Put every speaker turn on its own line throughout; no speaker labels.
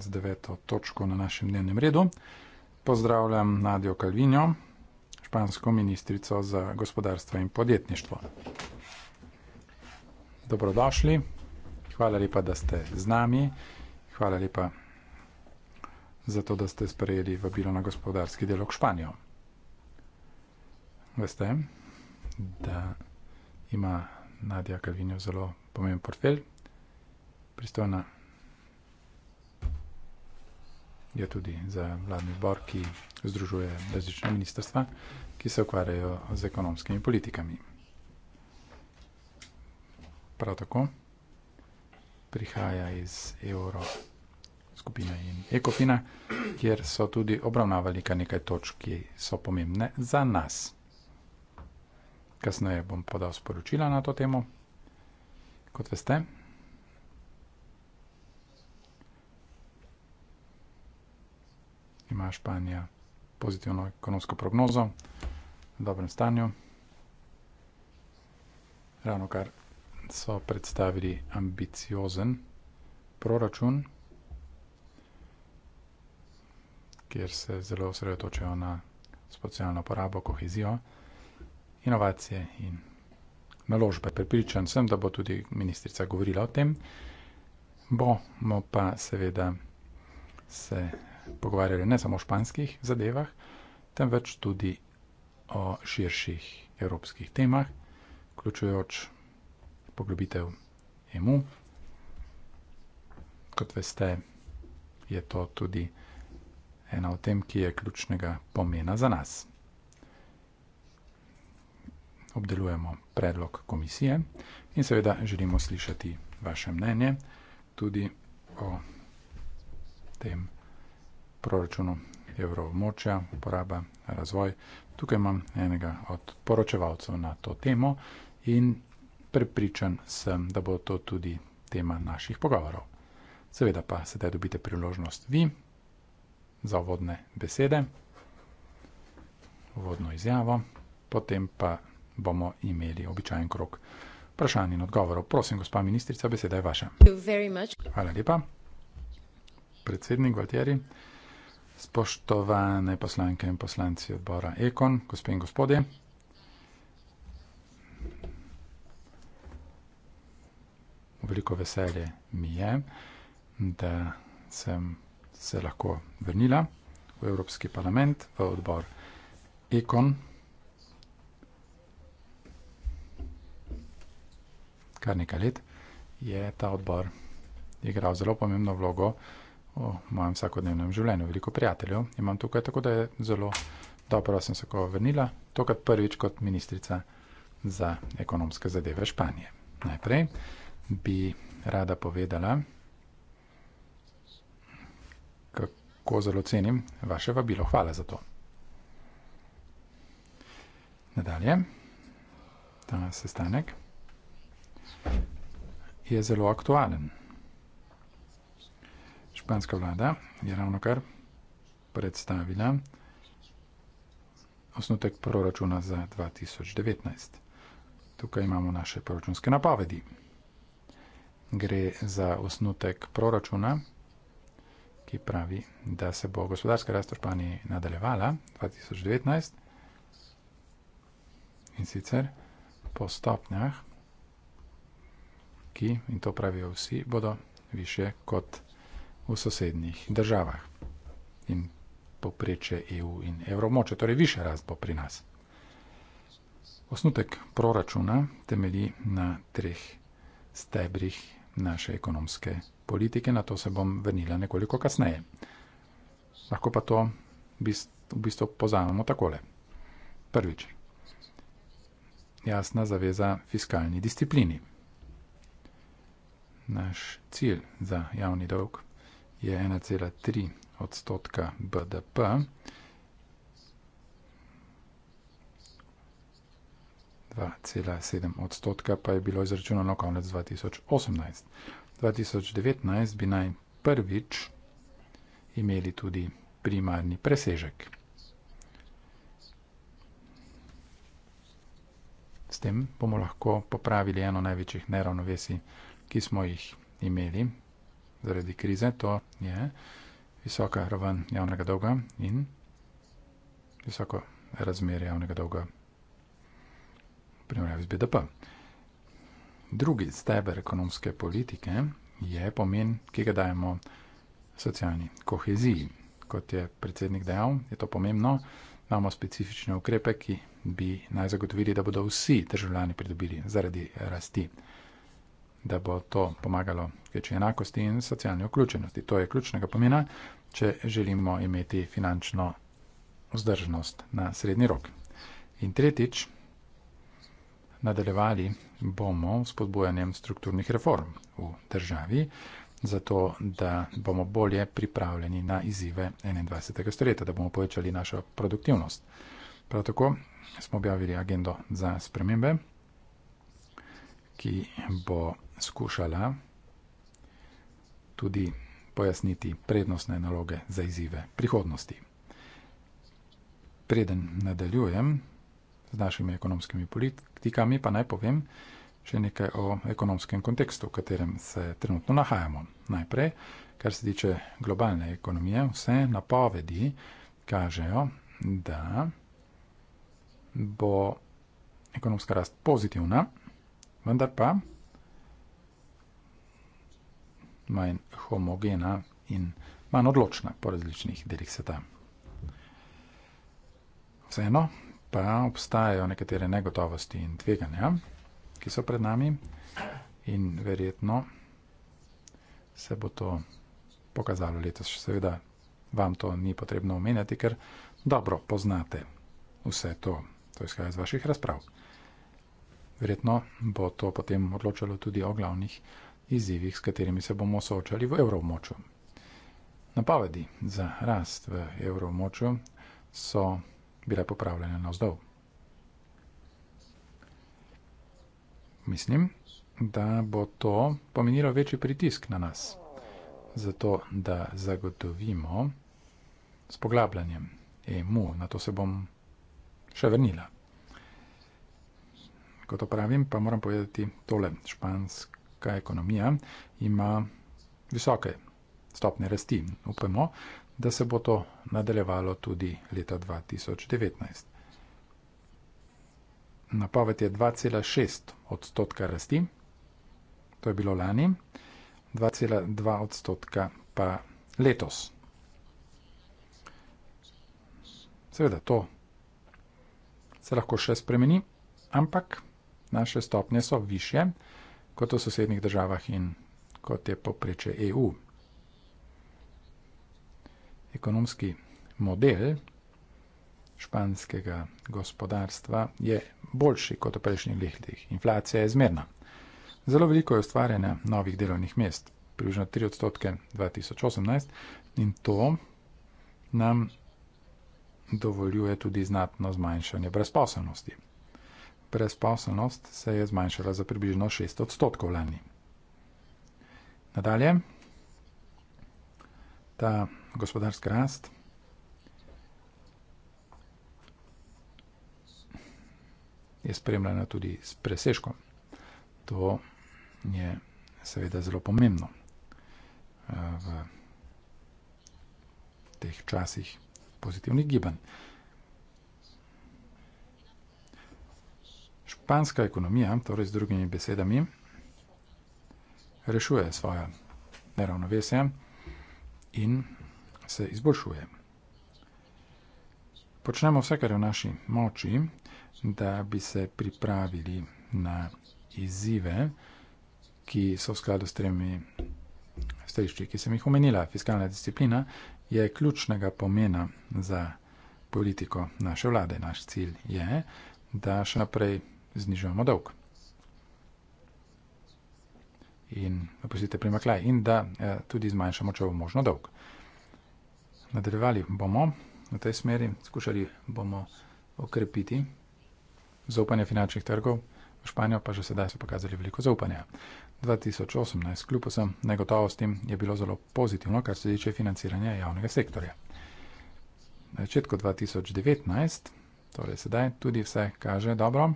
z deveto točko na našem dnevnem redu. Pozdravljam Nadjo Kalvinjo, špansko ministrico za gospodarstvo in podjetništvo. Dobrodošli, hvala lepa, da ste z nami, hvala lepa za to, da ste sprejeli vabilo na gospodarski delo k Španijo. Veste, da ima Nadja Kalvinjo zelo pomemben portfelj, pristojna je tudi za vladni zbor, ki združuje različne ministrstva, ki se ukvarjajo z ekonomskimi politikami. Prav tako prihaja iz Euro skupine in Ekofina, kjer so tudi obravnavali kar nekaj točk, ki so pomembne za nas. Kasneje bom podal sporočila na to temo. Kot veste, ima Španija pozitivno ekonomsko prognozo, v dobrem stanju. Ravno kar so predstavili ambiciozen proračun, kjer se zelo osredotočajo na socialno porabo, kohezijo, inovacije in naložbe. Pripričan sem, da bo tudi ministrica govorila o tem. Bomo pa seveda se pogovarjali ne samo o španskih zadevah, temveč tudi o širših evropskih temah, vključujoč poglobitev EMU. Kot veste, je to tudi ena od tem, ki je ključnega pomena za nas. Obdelujemo predlog komisije in seveda želimo slišati vaše mnenje tudi o tem, proračunu evroobmočja, poraba, razvoj. Tukaj imam enega od poročevalcev na to temo in prepričan sem, da bo to tudi tema naših pogovorov. Seveda pa sedaj dobite priložnost vi za uvodne besede, uvodno izjavo, potem pa bomo imeli običajen krok vprašanj in odgovorov. Prosim, gospa ministrica, beseda je vaša. Hvala lepa. Predsednik Gualtieri. Spoštovane poslanke in poslanci odbora Ekon, gospod in gospodje. Veliko veselje mi je, da sem se lahko vrnila v Evropski parlament, v odbor Ekon. Kar nekaj let je ta odbor igral zelo pomembno vlogo v mojem vsakodnevnem življenju. Veliko prijateljev imam tukaj, tako da je zelo dobro, da sem se kova vrnila, tokrat prvič kot ministrica za ekonomske zadeve Španije. Najprej bi rada povedala, kako zelo cenim vaše vabilo. Hvala za to. Nadalje, ta sestanek je zelo aktualen. Španska vlada je ravno kar predstavila osnutek proračuna za 2019. Tukaj imamo naše proračunske napovedi. Gre za osnutek proračuna, ki pravi, da se bo gospodarska rast v Španiji nadaljevala 2019 in sicer po stopnjah, ki, in to pravijo vsi, bodo više kot 2019 v sosednjih državah in popreče EU in evromoče, torej više rast bo pri nas. Osnutek proračuna temelji na treh stebrih naše ekonomske politike, na to se bom vrnila nekoliko kasneje. Lahko pa to v bistvu poznamo takole. Prvič, jasna zaveza fiskalni disciplini. Naš cilj za javni dolg je 1,3 odstotka BDP. Dva, sedem odstotka pa je bilo izračunano konec 2018. 2019 bi naj prvič imeli tudi primarni presežek. S tem bomo lahko popravili eno največjih neravnovesij, ki smo jih imeli zaradi krize, to je visoka raven javnega dolga in visoko razmerje javnega dolga v primerjavi z BDP. Drugi steber ekonomske politike je pomen, ki ga dajemo socialni koheziji. Kot je predsednik dejal, je to pomembno. Imamo specifične ukrepe, ki bi naj zagotovili, da bodo vsi državljani pridobili zaradi rasti da bo to pomagalo večji enakosti in socialni vključenosti. To je ključnega pomena, če želimo imeti finančno vzdržnost na srednji rok. In tretjič, nadaljevali bomo s podbojanjem strukturnih reform v državi, zato da bomo bolje pripravljeni na izzive 21. stoletja, da bomo povečali našo produktivnost. Prav tako smo objavili agendo za spremembe, ki bo skušala tudi pojasniti prednostne naloge za izzive prihodnosti. Preden nadaljujem z našimi ekonomskimi politikami, pa naj povem še nekaj o ekonomskem kontekstu, v katerem se trenutno nahajamo. Najprej, kar se tiče globalne ekonomije, vse napovedi kažejo, da bo ekonomska rast pozitivna, vendar pa manj homogena in manj odločna po različnih delih sveta. Vseeno pa obstajajo nekatere negotovosti in tveganja, ki so pred nami in verjetno se bo to pokazalo letos. Seveda vam to ni potrebno omenjati, ker dobro poznate vse to, to izhaja iz vaših razprav. Verjetno bo to potem odločalo tudi o glavnih izzivih, s katerimi se bomo soočali v evromočju. Napovedi za rast v evromočju so bile popravljene na vzdolj. Mislim, da bo to pomenilo večji pritisk na nas, zato da zagotovimo s poglabljanjem EMU, na to se bom še vrnila. Kot opravim, pa moram povedati tole špansko evropska ekonomija ima visoke stopne rasti. Upamo, da se bo to nadaljevalo tudi leta 2019. Napoved je 2,6 odstotka rasti, to je bilo lani, 2,2 odstotka pa letos. Seveda to se lahko še spremeni, ampak naše stopnje so više kot v sosednjih državah in kot je poprečje EU. Ekonomski model španskega gospodarstva je boljši kot v prejšnjih letih. Inflacija je zmerna. Zelo veliko je ustvarjanja novih delovnih mest, približno 3 odstotke 2018 in to nam dovoljuje tudi znatno zmanjšanje brezposobnosti brezposobnost se je zmanjšala za približno 6 odstotkov lani. Nadalje, ta gospodarska rast je spremljena tudi s preseškom. To je seveda zelo pomembno eh, v teh časih pozitivnih gibanj. Španska ekonomija, torej z drugimi besedami, rešuje svoje neravnovesje in se izboljšuje. Počnemo vse, kar je v naši moči, da bi se pripravili na izzive, ki so v skladu s tremi stališči, ki sem jih omenila. Fiskalna disciplina je ključnega pomena za politiko naše vlade. Naš cilj je, da še naprej znižujemo dolg. In opustite primaklaj, in da eh, tudi zmanjšamo, če bo možno, dolg. Nadaljevali bomo v tej smeri, skušali bomo okrepiti zaupanje finančnih trgov, v Španijo pa že sedaj so pokazali veliko zaupanja. 2018, kljub vsem negotovostim, je bilo zelo pozitivno, kar se tiče financiranja javnega sektorja. Na začetku 2019, torej sedaj, tudi vse kaže dobro.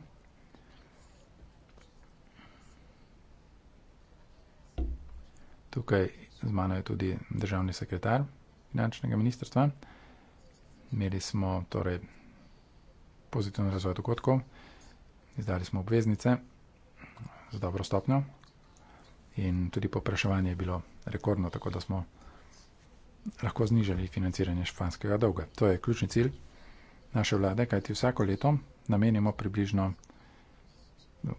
Tukaj z mano je tudi državni sekretar finančnega ministrstva. Imeli smo torej pozitivno razvoj dogodkov, izdali smo obveznice z dobro stopnjo in tudi popraševanje je bilo rekordno, tako da smo lahko znižali financiranje španskega dolga. To je ključni cilj naše vlade, kajti vsako leto namenimo približno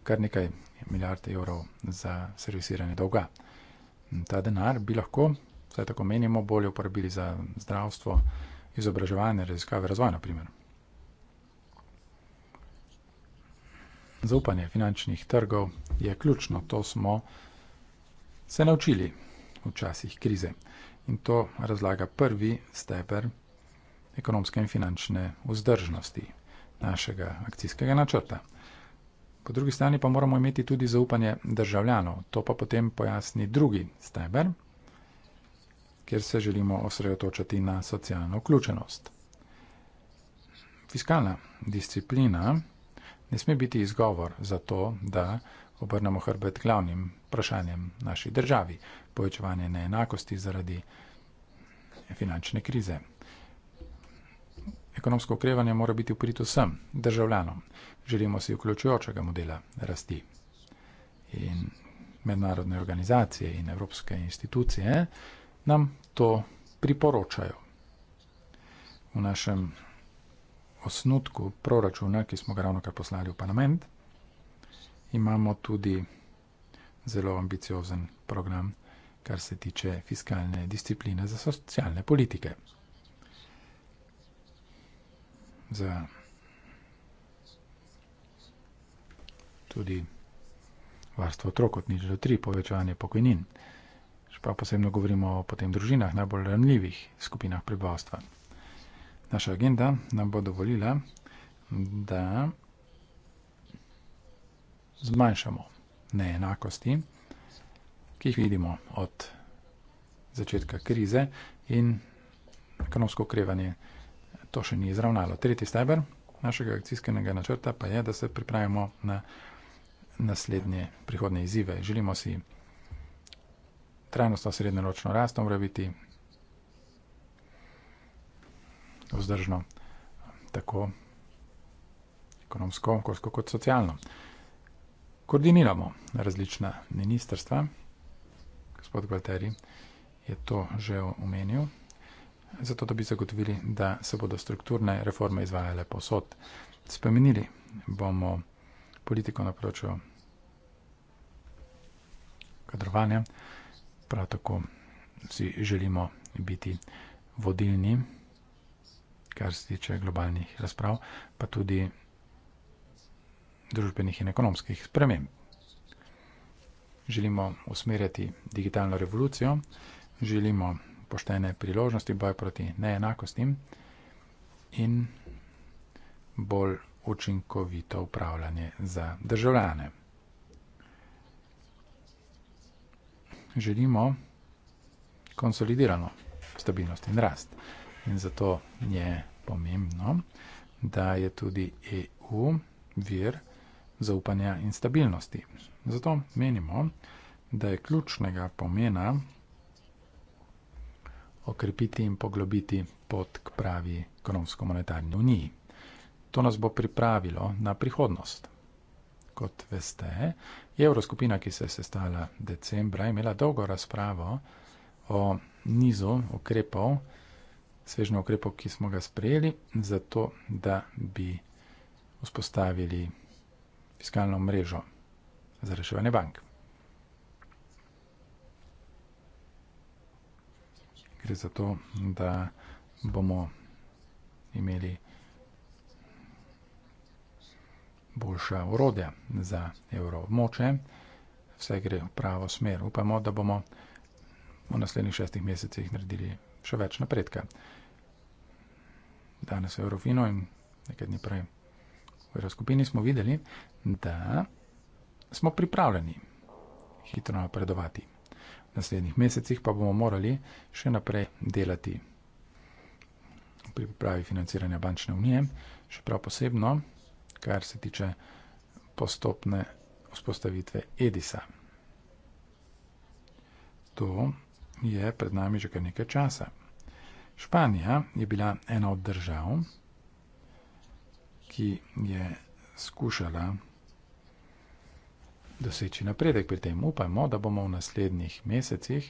kar nekaj milijard evrov za servisiranje dolga. Ta denar bi lahko, vsaj tako menimo, bolje uporabili za zdravstvo, izobraževanje, raziskave, razvoj, na primer. Zaupanje finančnih trgov je ključno, to smo se naučili v časih krize. In to razlaga prvi steber ekonomske in finančne vzdržnosti našega akcijskega načrta. Po drugi strani pa moramo imeti tudi zaupanje državljanov. To pa potem pojasni drugi steber, kjer se želimo osredotočiti na socialno vključenost. Fiskalna disciplina ne sme biti izgovor za to, da obrnemo hrbet glavnim vprašanjem naši državi, povečevanje neenakosti zaradi finančne krize. Ekonomsko okrevanje mora biti uprito vsem državljanom. Želimo si vključujočega modela rasti. In mednarodne organizacije in evropske institucije nam to priporočajo. V našem osnutku proračuna, ki smo ga ravno kar poslali v parlament, imamo tudi zelo ambiciozen program, kar se tiče fiskalne discipline za socialne politike za tudi varstvo otrok od nič do tri, povečanje pokojnin. Še pa posebno govorimo o potem družinah, najbolj ranljivih skupinah prebivalstva. Naša agenda nam bo dovolila, da zmanjšamo neenakosti, ki jih vidimo od začetka krize in ekonomsko okrevanje to še ni izravnalo. Tretji steber našega akcijskega načrta pa je, da se pripravimo na naslednje prihodne izzive. Želimo si trajnostno srednjeročno rast omreviti vzdržno tako ekonomsko, okoljsko kot socialno. Koordiniramo različna ministrstva, gospod Gvalteri je to že omenil zato da bi zagotovili, da se bodo strukturne reforme izvajale posod. Spremenili bomo politiko na področju kadrovanja, prav tako si želimo biti vodilni, kar se tiče globalnih razprav, pa tudi družbenih in ekonomskih sprememb. Želimo usmerjati digitalno revolucijo, želimo poštene priložnosti, boj proti neenakostim in bolj učinkovito upravljanje za državljane. Želimo konsolidirano stabilnost in rast. In zato je pomembno, da je tudi EU vir zaupanja in stabilnosti. Zato menimo, da je ključnega pomena okrepiti in poglobiti pot k pravi ekonomsko-monetarni uniji. To nas bo pripravilo na prihodnost. Kot veste, je Evroskupina, ki se je sestala decembra, imela dolgo razpravo o nizu ukrepov, svežnjo ukrepov, ki smo ga sprejeli, zato da bi vzpostavili fiskalno mrežo za reševanje bank. gre za to, da bomo imeli boljša urodja za evroobmoče. Vse gre v pravo smer. Upamo, da bomo v naslednjih šestih mesecih naredili še več napredka. Danes v Eurofino in nekaj dni prej v Euroskupini smo videli, da smo pripravljeni hitro napredovati naslednjih mesecih pa bomo morali še naprej delati pri pripravi financiranja bančne unije, še prav posebno, kar se tiče postopne vzpostavitve Edisa. To je pred nami že kar nekaj časa. Španija je bila ena od držav, ki je skušala doseči napredek pri tem. Upajmo, da bomo v naslednjih mesecih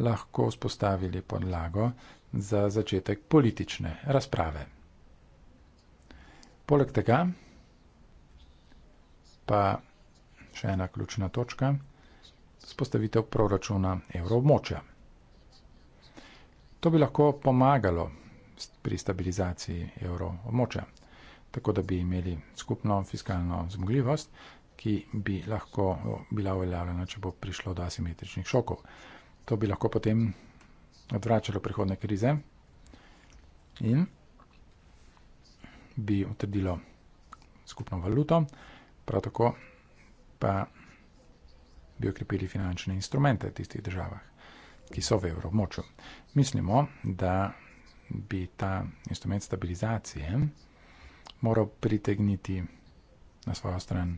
lahko spostavili podlago za začetek politične razprave. Poleg tega pa še ena ključna točka - spostavitev proračuna evroobmočja. To bi lahko pomagalo pri stabilizaciji evroobmočja, tako da bi imeli skupno fiskalno zmogljivost, ki bi lahko bila uveljavljena, če bo prišlo do asimetričnih šokov. To bi lahko potem odvračalo prihodne krize in bi utrdilo skupno valuto, prav tako pa bi okrepili finančne instrumente v tistih državah, ki so v evromoču. Mislimo, da bi ta instrument stabilizacije moral pritegniti na svojo stran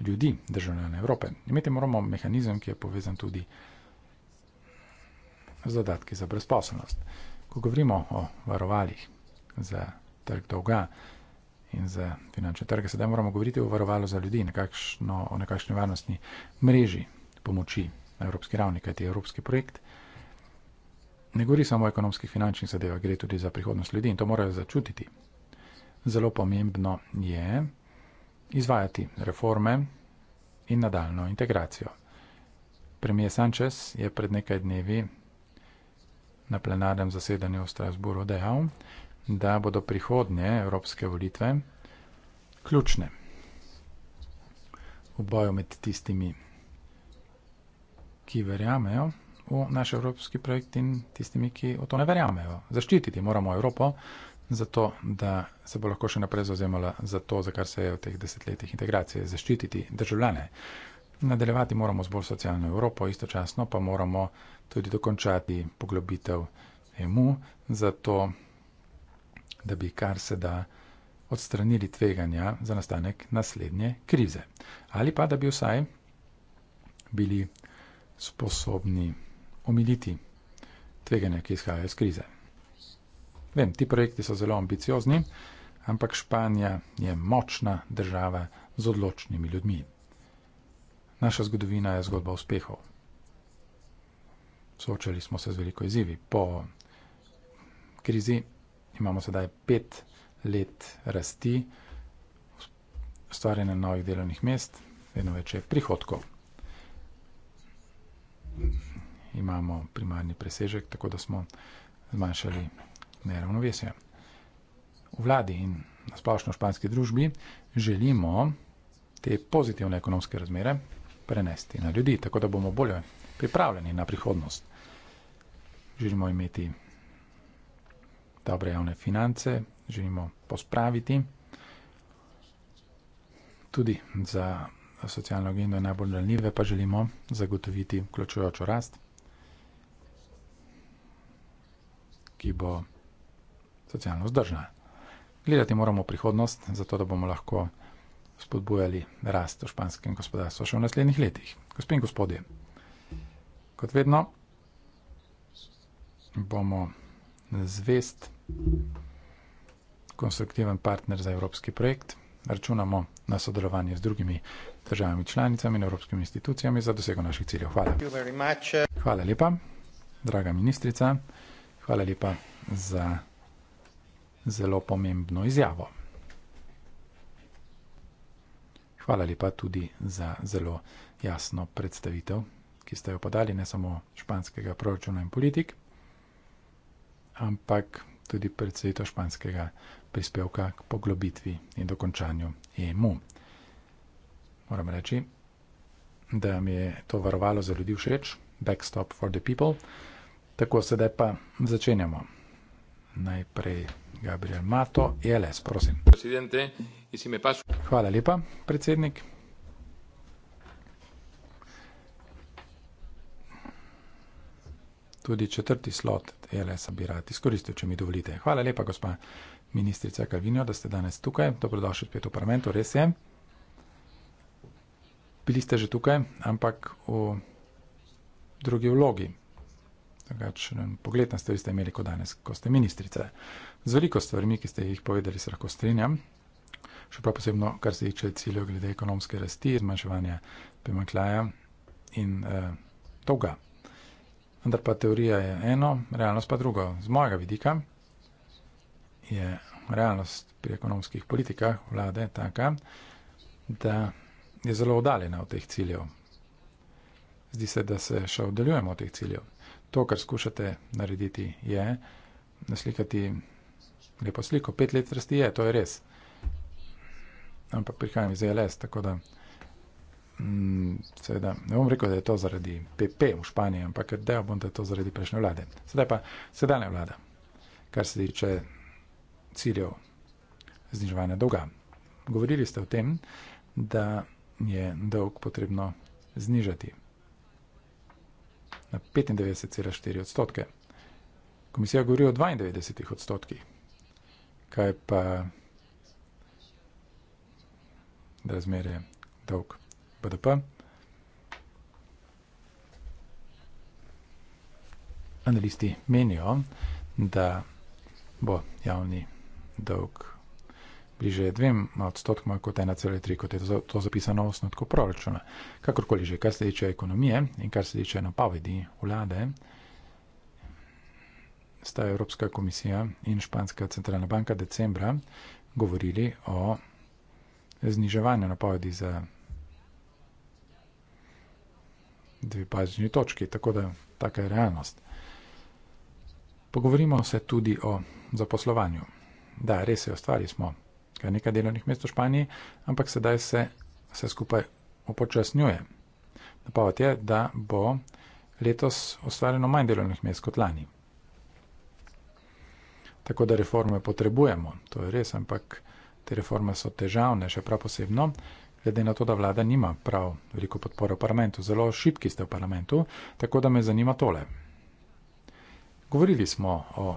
ljudi, državljane Evrope. Imeti moramo mehanizem, ki je povezan tudi z dodatki za brezposobnost. Ko govorimo o varovalih za trg dolga in za finančne trge, sedaj moramo govoriti o varovalu za ljudi, nekakšno, o nekakšni varnostni mreži pomoči na evropski ravni, kajti evropski projekt ne govori samo o ekonomskih finančnih zadevah, gre tudi za prihodnost ljudi in to morajo začutiti. Zelo pomembno je, izvajati reforme in nadaljno integracijo. Premijer Sanchez je pred nekaj dnevi na plenarnem zasedanju v Strasburu dejal, da bodo prihodnje evropske volitve ključne v boju med tistimi, ki verjamejo v naš evropski projekt in tistimi, ki v to ne verjamejo. Zaščititi moramo Evropo, zato da se bo lahko še naprej zauzemala za to, za kar se je v teh desetletjih integracije, zaščititi državljane. Nadaljevati moramo z bolj socialno Evropo, istočasno pa moramo tudi dokončati poglobitev EMU, zato da bi kar se da odstranili tveganja za nastanek naslednje krize. Ali pa da bi vsaj bili sposobni omiliti tveganja, ki izhajajo iz krize. Vem, ti projekti so zelo ambiciozni, ampak Španija je močna država z odločnimi ljudmi. Naša zgodovina je zgodba uspehov. Soočali smo se z veliko izzivi. Po krizi imamo sedaj pet let rasti, ustvarjanje novih delovnih mest, vedno več je prihodkov. Imamo primarni presežek, tako da smo zmanjšali neravnovesje. V vladi in na splošno v španski družbi želimo te pozitivne ekonomske razmere prenesti na ljudi, tako da bomo bolje pripravljeni na prihodnost. Želimo imeti dobre javne finance, želimo pospraviti. Tudi za socialno agendo najbolj naljive pa želimo zagotoviti vključujočo rast, ki bo socialno vzdržna. Gledati moramo v prihodnost, zato da bomo lahko spodbujali rast v španskem gospodarstvu še v naslednjih letih. Gospe in gospodje, kot vedno bomo zvest konstruktiven partner za evropski projekt. Računamo na sodelovanje z drugimi državami članicami in evropskimi institucijami za dosego naših ciljev. Hvala. Hvala lepa, draga ministrica. Hvala lepa za zelo pomembno izjavo. Hvala lepa tudi za zelo jasno predstavitev, ki ste jo podali, ne samo španskega proračuna in politik, ampak tudi predstavitev španskega prispevka k poglobitvi in dokončanju EMU. Moram reči, da mi je to varovalo za ljudi všeč, backstop for the people. Tako sedaj pa začenjamo. Najprej. Gabriel Mato, ELS, prosim. Hvala lepa, predsednik. Tudi četrti slot ELS-a bi rad izkoristil, če mi dovolite. Hvala lepa, gospa ministrica Kalvinjo, da ste danes tukaj. Dobrodošli spet v parlamentu, res je. Bili ste že tukaj, ampak v drugi vlogi drugačen pogled na stvari ste imeli kot danes, ko ste ministrice. Z veliko stvarmi, ki ste jih povedali, se lahko strinjam, še prav posebno, kar se tiče ciljev glede ekonomske rasti, zmanjševanja pemaklaja in eh, toga. Vendar pa teorija je eno, realnost pa drugo. Z mojega vidika je realnost pri ekonomskih politikah vlade taka, da je zelo oddaljena od teh ciljev. Zdi se, da se še oddaljujemo od teh ciljev to, kar skušate narediti, je naslikati lepo sliko. Pet let rasti je, to je res. Ampak prihajam iz LS, tako da mm, seveda, ne bom rekel, da je to zaradi PP v Španiji, ampak da bom, da je to zaradi prejšnje vlade. Sedaj pa sedajna vlada, kar se tiče ciljev zniževanja dolga. Govorili ste o tem, da je dolg potrebno znižati na 95,4 odstotke. Komisija govori o 92 odstotkih. Kaj pa razmerje dolg BDP? Analisti menijo, da bo javni dolg bliže dvem odstotkom kot 1,3, kot je to, to zapisano v osnotku proračuna. Kakorkoli že, kar se tiče ekonomije in kar se tiče napovedi vlade, sta Evropska komisija in Španska centralna banka decembra govorili o zniževanju napovedi za dve pazni točki, tako da taka je realnost. Pogovorimo se tudi o zaposlovanju. Da, res je, ustvarili smo kar nekaj delovnih mest v Španiji, ampak sedaj se vse skupaj upočasnjuje. Napoved je, da bo letos ustvarjeno manj delovnih mest kot lani. Tako da reforme potrebujemo, to je res, ampak te reforme so težavne, še prav posebno, glede na to, da vlada nima prav veliko podpore v parlamentu, zelo šibki ste v parlamentu, tako da me zanima tole. Govorili smo o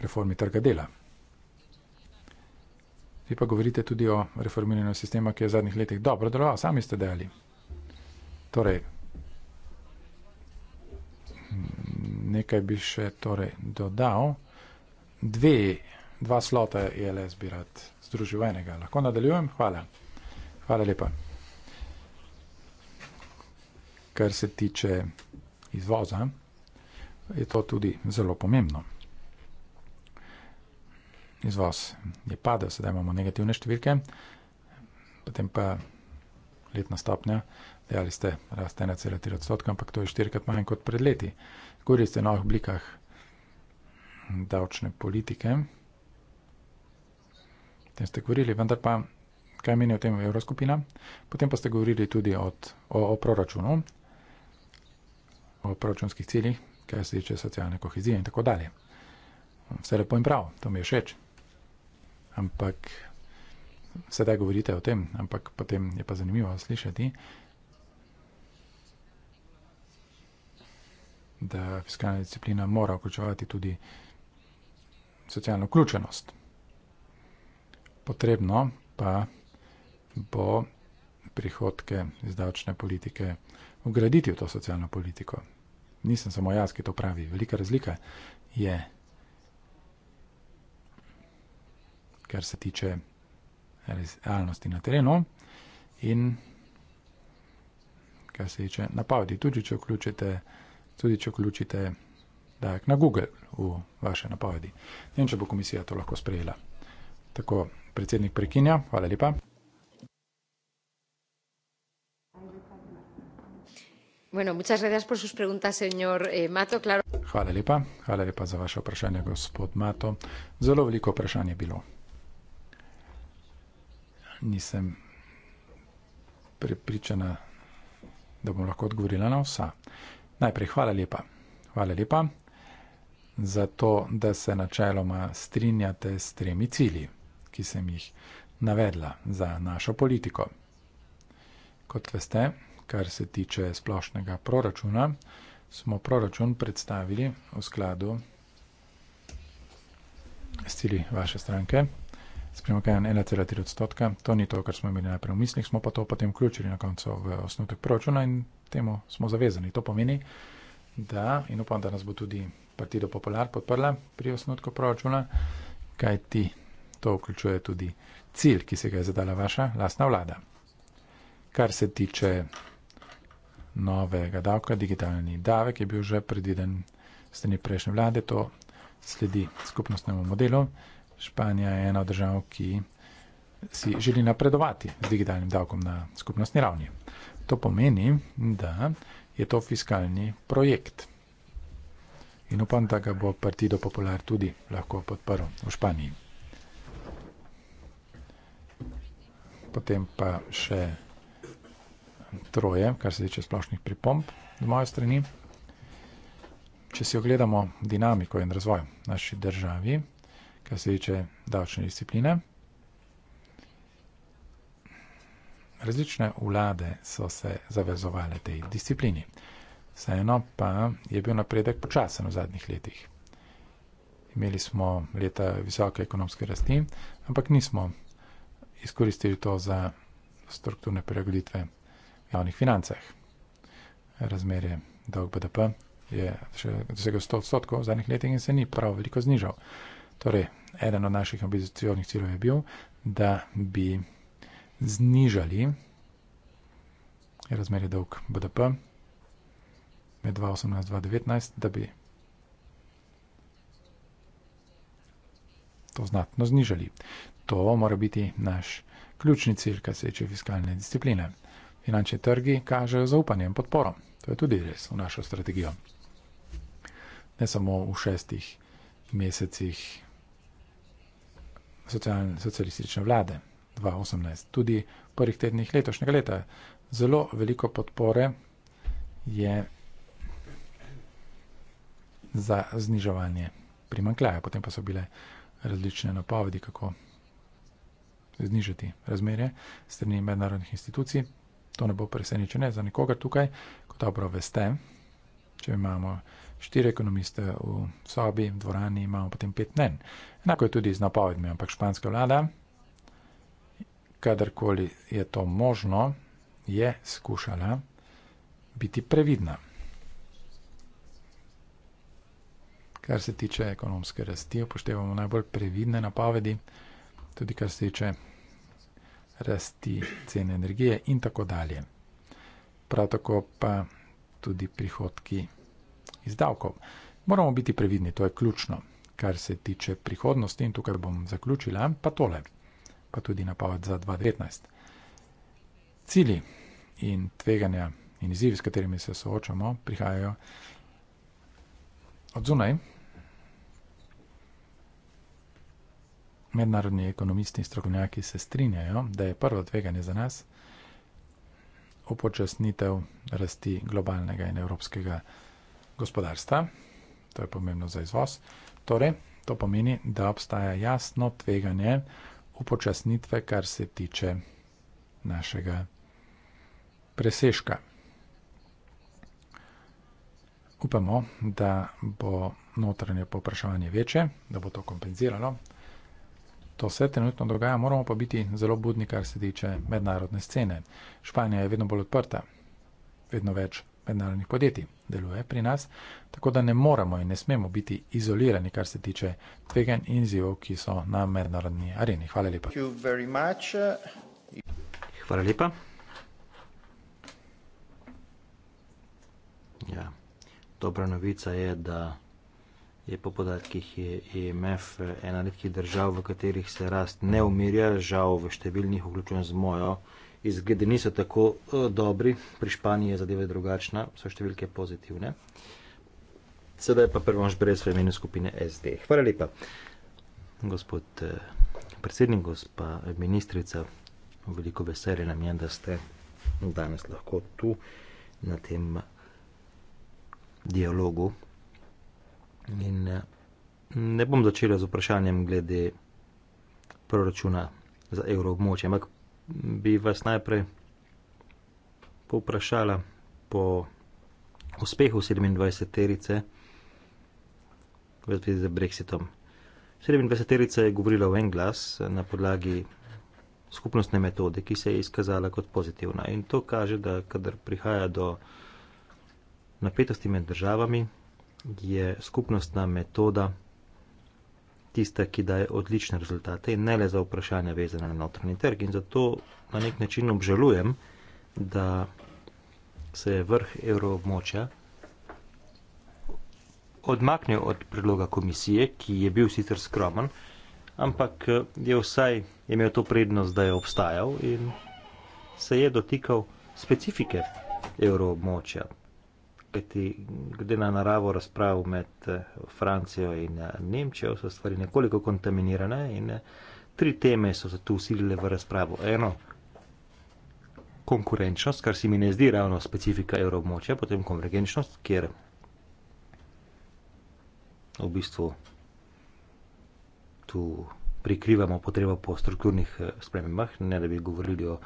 reformi trga dela. Vi pa govorite tudi o reformiranju sistema, ki je v zadnjih letih dobro deloval, sami ste dejali. Torej, nekaj bi še torej dodal. Dve, dva slota je le zbirat združivenega. Lahko nadaljujem? Hvala. Hvala lepa. Kar se tiče izvoza, je to tudi zelo pomembno izvoz je padel, sedaj imamo negativne številke, potem pa letna stopnja, dejali ste, raste na cela tri odstotka, ampak to je štirikrat manj kot pred leti. Govorili ste o novih oblikah davčne politike, potem ste govorili, vendar pa, kaj meni o tem evroskupina, potem pa ste govorili tudi od, o, o proračunu, o proračunskih ciljih, kaj se tiče socialne kohezije in tako dalje. Vse lepo in prav, to mi je všeč ampak sedaj govorite o tem, ampak potem je pa zanimivo slišati, da fiskalna disciplina mora vključevati tudi socialno vključenost. Potrebno pa bo prihodke izdavčne politike ugraditi v to socialno politiko. Nisem samo jaz, ki to pravi. Velika razlika je kar se tiče realnosti na terenu in kar se tiče napovedi. Tudi če vključite, tudi če vključite dajek na Google v vaše napovedi. Ne vem, če bo komisija to lahko sprejela. Tako, predsednik prekinja, hvala lepa.
Bueno, muchas gracias por sus preguntas, señor eh,
Mato. Claro. Hvala lepa. Hvala lepa za vaše vprašanje, gospod Mato. Zelo veliko vprašanje je bilo nisem prepričana, da bom lahko odgovorila na vsa. Najprej hvala lepa. Hvala lepa za to, da se načeloma strinjate s tremi cilji, ki sem jih navedla za našo politiko. Kot veste, kar se tiče splošnega proračuna, smo proračun predstavili v skladu s cilji vaše stranke skrivamo kaj, 1,3 odstotka. To ni to, kar smo imeli najprej v mislih, smo pa to potem vključili na koncu v osnutek proračuna in temu smo zavezani. To pomeni, da in upam, da nas bo tudi Partido Popular podprla pri osnutku proračuna, kaj ti to vključuje tudi cilj, ki se ga je zadala vaša lastna vlada. Kar se tiče novega davka, digitalni davek je bil že predviden strani prejšnje vlade, to sledi skupnostnemu modelu. Španija je ena od držav, ki si želi napredovati z digitalnim davkom na skupnostni ravni. To pomeni, da je to fiskalni projekt. In upam, da ga bo Partido Popular tudi lahko podprl v Španiji. Potem pa še troje, kar se tiče splošnih pripomb z moje strani. Če si ogledamo dinamiko in razvoj naši državi, kar se tiče davčne discipline. Različne vlade so se zavezovali tej disciplini. Vseeno pa je bil napredek počasen v zadnjih letih. Imeli smo leta visoke ekonomske rasti, ampak nismo izkoristili to za strukturne prilagoditve v javnih financah. Razmerje dolg BDP je še dosegel 100 odstotkov v zadnjih letih in se ni prav veliko znižal. Torej, eden od naših ambicioznih ciljev je bil, da bi znižali razmerje dolg BDP med 2018-2019, da bi to znatno znižali. To mora biti naš ključni cilj, kar se tiče fiskalne discipline. Finančni trgi kažejo zaupanje in podporo. To je tudi res v našo strategijo. Ne samo v šestih mesecih socialistične vlade 2018. Tudi v prvih tednih letošnjega leta zelo veliko podpore je za zniževanje primankljaja. Potem pa so bile različne napovedi, kako znižati razmerje strani mednarodnih institucij. To ne bo presenečenje za nikogar tukaj, kot dobro veste, če imamo štiri ekonomiste v sobi, v dvorani imamo potem pet mnen. Enako je tudi z napovedmi, ampak španska vlada, kadarkoli je to možno, je skušala biti previdna. Kar se tiče ekonomske rasti, upoštevamo najbolj previdne napovedi, tudi kar se tiče rasti cene energije in tako dalje. Prav tako pa tudi prihodki iz davkov. Moramo biti previdni, to je ključno, kar se tiče prihodnosti in tukaj bom zaključila, pa tole, pa tudi napoved za 2019. Cili in tveganja in izzivi, s katerimi se soočamo, prihajajo od zunaj. Mednarodni ekonomisti in strokovnjaki se strinjajo, da je prvo tveganje za nas upočasnitev rasti globalnega in evropskega gospodarstva gospodarstva, to je pomembno za izvoz. Torej, to pomeni, da obstaja jasno tveganje upočasnitve, kar se tiče našega presežka. Upamo, da bo notranje povpraševanje večje, da bo to kompenziralo. To se trenutno dogaja, moramo pa biti zelo budni, kar se tiče mednarodne scene. Španija je vedno bolj odprta, vedno več mednarodnih podjetij. Deluje pri nas, tako da ne moremo in ne smemo biti izolirani, kar se tiče tvegan in zivov, ki so na mednarodni areni. Hvala lepa. Hvala lepa.
Ja. Dobra novica je, da je po podatkih IMF e ena redkih držav, v katerih se rast ne umirja, žal v številnih, vključno z mojo izgledi niso tako uh, dobri, pri Španiji je zadeva drugačna, so številke pozitivne. Sedaj pa prvo moš brez v imenu skupine SD. Hvala lepa. Gospod eh, predsednik, gospa ministrica, veliko veselje nam je, da ste danes lahko tu na tem dialogu. In eh, ne bom začela z vprašanjem glede proračuna za evroobmočje, ampak bi vas najprej poprašala po uspehu 27-terice v zvezi z Brexitom. 27-terica je govorila v en glas na podlagi skupnostne metode, ki se je izkazala kot pozitivna. In to kaže, da kadar prihaja do napetosti med državami, je skupnostna metoda tista, ki daje odlične rezultate in ne le za vprašanja vezane na notranji trg. In zato na nek način obžalujem, da se je vrh evroobmočja odmaknil od predloga komisije, ki je bil sicer skromen, ampak je vsaj imel to prednost, da je obstajal in se je dotikal specifike evroobmočja kajti glede na naravo razprav med eh, Francijo in eh, Nemčijo so stvari nekoliko kontaminirane in eh, tri teme so se tu usilile v razpravo. Eno, konkurenčnost, kar se mi ne zdi ravno specifika evroobmočja, potem konvergenčnost, kjer v bistvu tu prikrivamo potrebo po strukturnih spremembah, ne da bi govorili o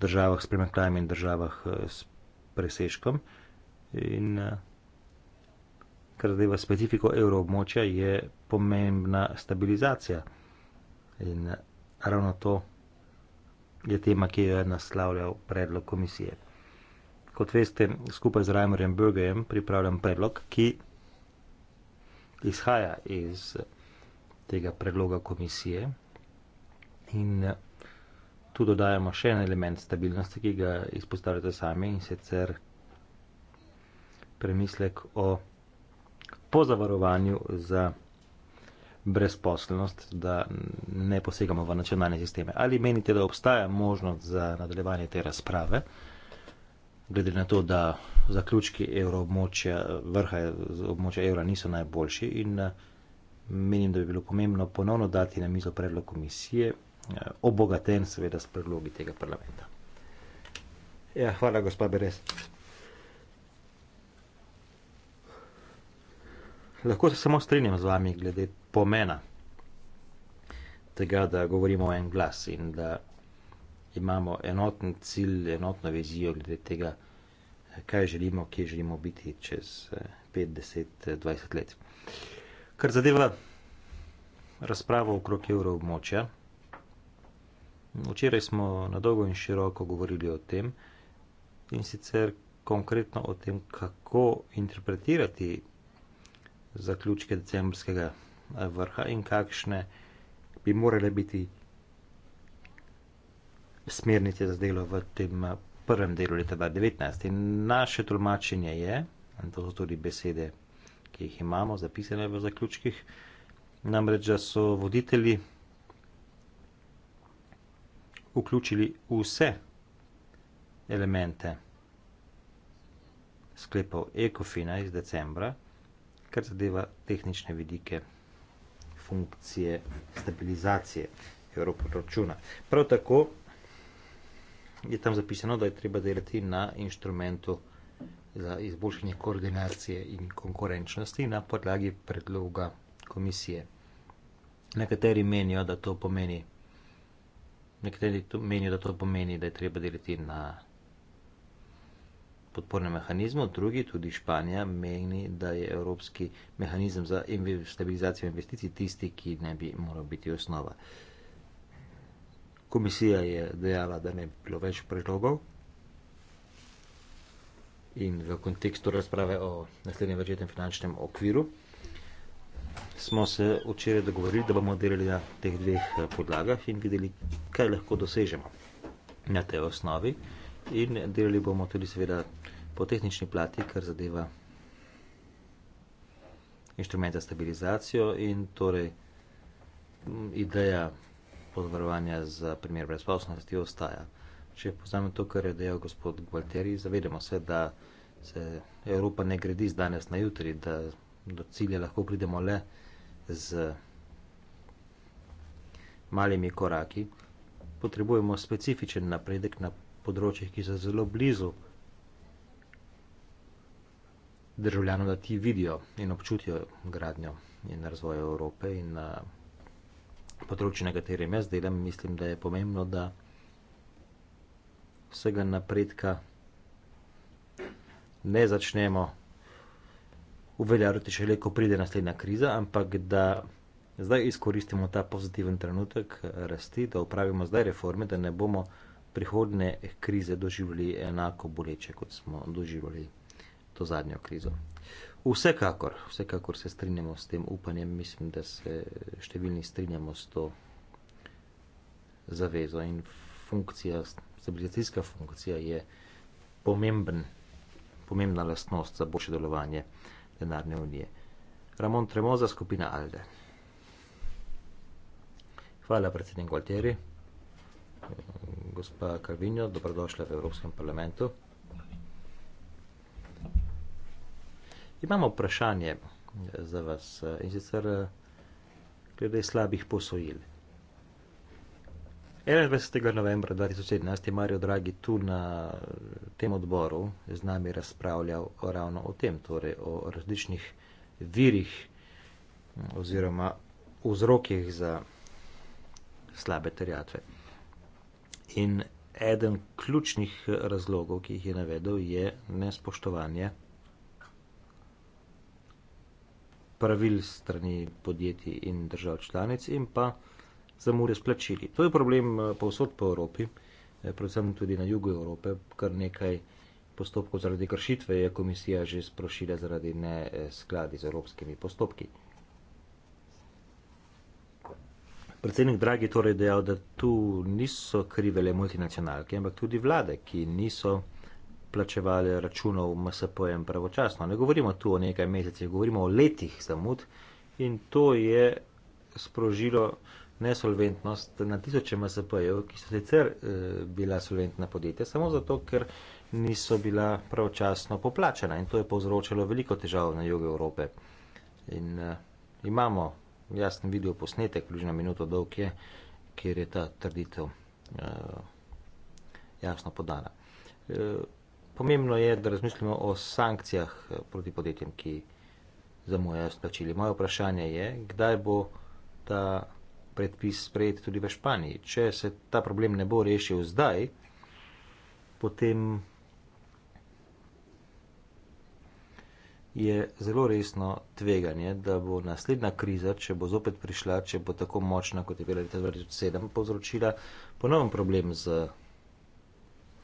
državah s premaklajem in državah s presežkom in eh, kar zadeva specifiko evroobmočja, je pomembna stabilizacija. In eh, ravno to je tema, ki jo je naslavljal predlog komisije. Kot veste, skupaj z Reimerjem Bergejem pripravljam predlog, ki izhaja iz tega predloga komisije in eh, tu dodajamo še en element stabilnosti, ki ga izpostavljate sami in sicer premislek o pozavarovanju za brezposelnost, da ne posegamo v nacionalne sisteme. Ali menite, da obstaja možnost za nadaljevanje te razprave, glede na to, da zaključki evroobmočja, vrha območja evra niso najboljši in eh, menim, da bi bilo pomembno ponovno dati na mizo predlog komisije, eh, obogaten seveda s predlogi tega parlamenta. Ja, hvala, gospod Beres. Lahko se samo strinjam z vami glede pomena tega, da govorimo en glas in da imamo enoten cilj, enotno vizijo glede tega, kaj želimo, kje želimo biti čez 50, eh, 20 eh, let. Kar zadeva razpravo okrog evroobmočja, včeraj smo na dolgo in široko govorili o tem in sicer konkretno o tem, kako interpretirati zaključke decembrskega eh, vrha in kakšne bi morale biti smernice za delo v tem eh, prvem delu leta 2019. In naše tolmačenje je, in to so tudi besede, ki jih imamo zapisane v zaključkih, namreč, da so voditelji vključili vse elemente sklepov Ekofina iz decembra kar zadeva tehnične vidike funkcije stabilizacije evroproračuna. Prav tako je tam zapisano, da je treba delati na inštrumentu za izboljšanje koordinacije in konkurenčnosti na podlagi predloga komisije. Nekateri menijo, da to pomeni, nekateri to menijo, da to pomeni, da je treba delati na inštrumentu podporne mehanizme, drugi, tudi Španija, meni, da je evropski mehanizem za stabilizacijo investicij tisti, ki ne bi moral biti osnova. Komisija je dejala, da ne bi bilo več predlogov in v kontekstu razprave o naslednjem večjetem finančnem okviru smo se včeraj dogovorili, da bomo delali na teh dveh eh, podlagah in videli, kaj lahko dosežemo na tej osnovi in delali bomo tudi seveda po tehnični plati, kar zadeva inštrument za stabilizacijo in torej ideja podvarovanja za primer brezposobnosti ostaja. Če poznamem to, kar je dejal gospod Gualteri, zavedamo se, da se Evropa ne gredi z danes na jutri, da do cilja lahko pridemo le z malimi koraki. Potrebujemo specifičen napredek na področjih, ki so zelo blizu državljanov, da ti vidijo in občutijo gradnjo in razvoj Evrope in področje, na katerem jaz delam, mislim, da je pomembno, da vsega napredka ne začnemo uveljavljati šele, ko pride naslednja kriza, ampak da zdaj izkoristimo ta pozitiven trenutek rasti, da upravimo zdaj reforme, da ne bomo prihodne krize doživljali enako boleče, kot smo doživljali to zadnjo krizo. Vsekakor, vsekakor se strinjamo s tem upanjem, mislim, da se številni strinjamo s to zavezo in funkcija, stabilizacijska funkcija je pomemben, pomembna lastnost za boljše delovanje denarne unije. Ramon Tremoza, skupina Alde. Hvala, predsednik Gualtieri. Gospa Kalvinjo, dobrodošla v Evropskem parlamentu. Imamo vprašanje eh, za vas eh, in sicer eh, glede slabih posojil. 21. novembra 2017 je Mario Draghi tu na tem odboru z nami razpravljal ravno o tem, torej o različnih virih hm, oziroma vzrokih za slabe terjatve. In eden ključnih razlogov, ki jih je navedel, je nespoštovanje pravil strani podjetij in držav članic in pa zamure s plačili. To je problem eh, povsod po Evropi, eh, predvsem tudi na jugu Evrope, kar nekaj postopkov zaradi kršitve je komisija že sprošila zaradi ne skladi z evropskimi postopki. Predsednik Dragi torej dejal, da tu niso krivele multinacionalke, ampak tudi vlade, ki niso plačevali računov MSP-jem pravočasno. Ne govorimo tu o nekaj mesecih, govorimo o letih zamud in to je sprožilo nesolventnost na tisoče MSP-jev, ki so sicer eh, bila solventna podjetja, samo zato, ker niso bila pravočasno poplačena in to je povzročilo veliko težav na jugu Evrope. In eh, imamo jasen video posnetek, približno minuto dolg je, kjer je ta trditev eh, jasno podana. Eh, Pomembno je, da razmislimo o sankcijah eh, proti podjetjem, ki zamujajo s plačili. Moje vprašanje je, kdaj bo ta predpis sprejet tudi v Španiji. Če se ta problem ne bo rešil zdaj, potem je zelo resno tveganje, da bo naslednja kriza, če bo zopet prišla, če bo tako močna, kot je bila leta 2007, povzročila ponovno problem z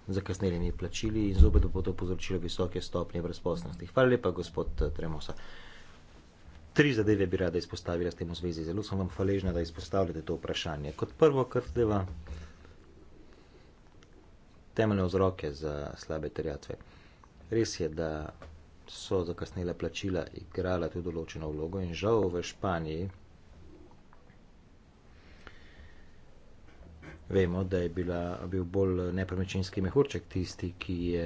zakasnelimi plačili in zopet bo to povzročilo visoke stopnje brezposlenosti. Hvala lepa, gospod eh, Tremosa. Tri zadeve bi rada izpostavila s tem v zvezi. Zelo sem vam hvaležna, da izpostavljate to vprašanje. Kot prvo, kar zadeva temeljne vzroke za slabe terjatve. Res je, da so zakasnela plačila igrala tudi določeno vlogo in žal v Španiji Vemo, da je bila, bil bolj nepremičninski mehurček tisti, ki je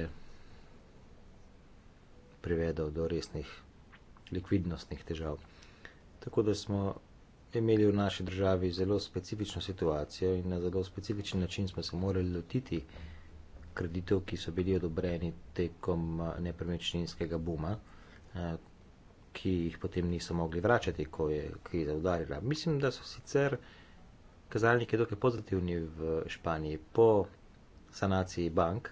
privedel do resnih likvidnostnih težav. Tako da smo imeli v naši državi zelo specifično situacijo in na zelo specifičen način smo se morali lotiti kreditov, ki so bili odobreni tekom eh, nepremičninskega buma, eh, ki jih potem niso mogli vračati, ko je kriza udarila. Mislim, da so sicer kazalniki dokaj pozitivni v Španiji. Po sanaciji bank,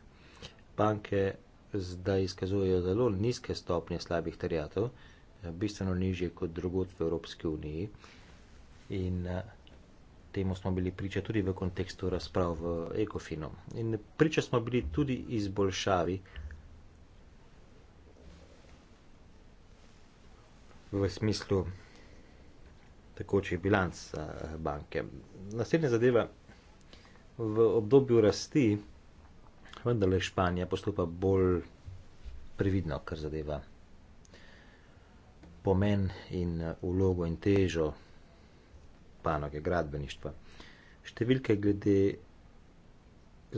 banke zdaj izkazujejo zelo nizke stopnje slabih terjatov, bistveno nižje kot drugot v Evropski uniji. In eh, temu smo bili priča tudi v kontekstu razprav v Ekofinu. In priča smo bili tudi izboljšavi v smislu tekočih bilanc eh, banke. Naslednja zadeva, v obdobju rasti, vendarle Španija postopa bolj previdno, kar zadeva pomen in ulogo eh, in težo panoge gradbeništva. Številke glede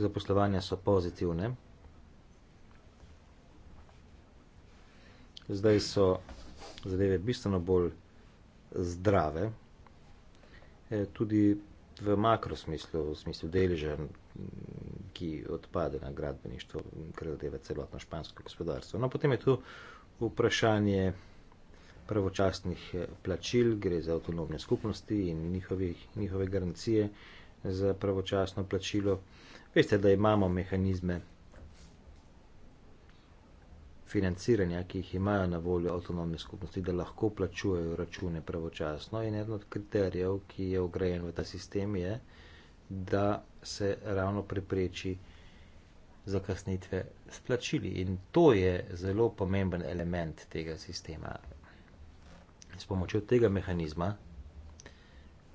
zaposlovanja so pozitivne. Zdaj so zadeve bistveno bolj zdrave, eh, tudi v makrosmislu, v smislu deleža, ki odpade na gradbeništvo, kar zadeva celotno špansko gospodarstvo. No, potem je tu vprašanje pravočasnih eh, plačil, gre za avtonomne skupnosti in njihove, njihove garancije za pravočasno plačilo. Veste, da imamo mehanizme financiranja, ki jih imajo na voljo avtonomne skupnosti, da lahko plačujejo račune pravočasno. In eden od kriterijev, ki je ugrajen v ta sistem, je, da se ravno prepreči zakasnitve s plačili. In to je zelo pomemben element tega sistema. S pomočjo tega mehanizma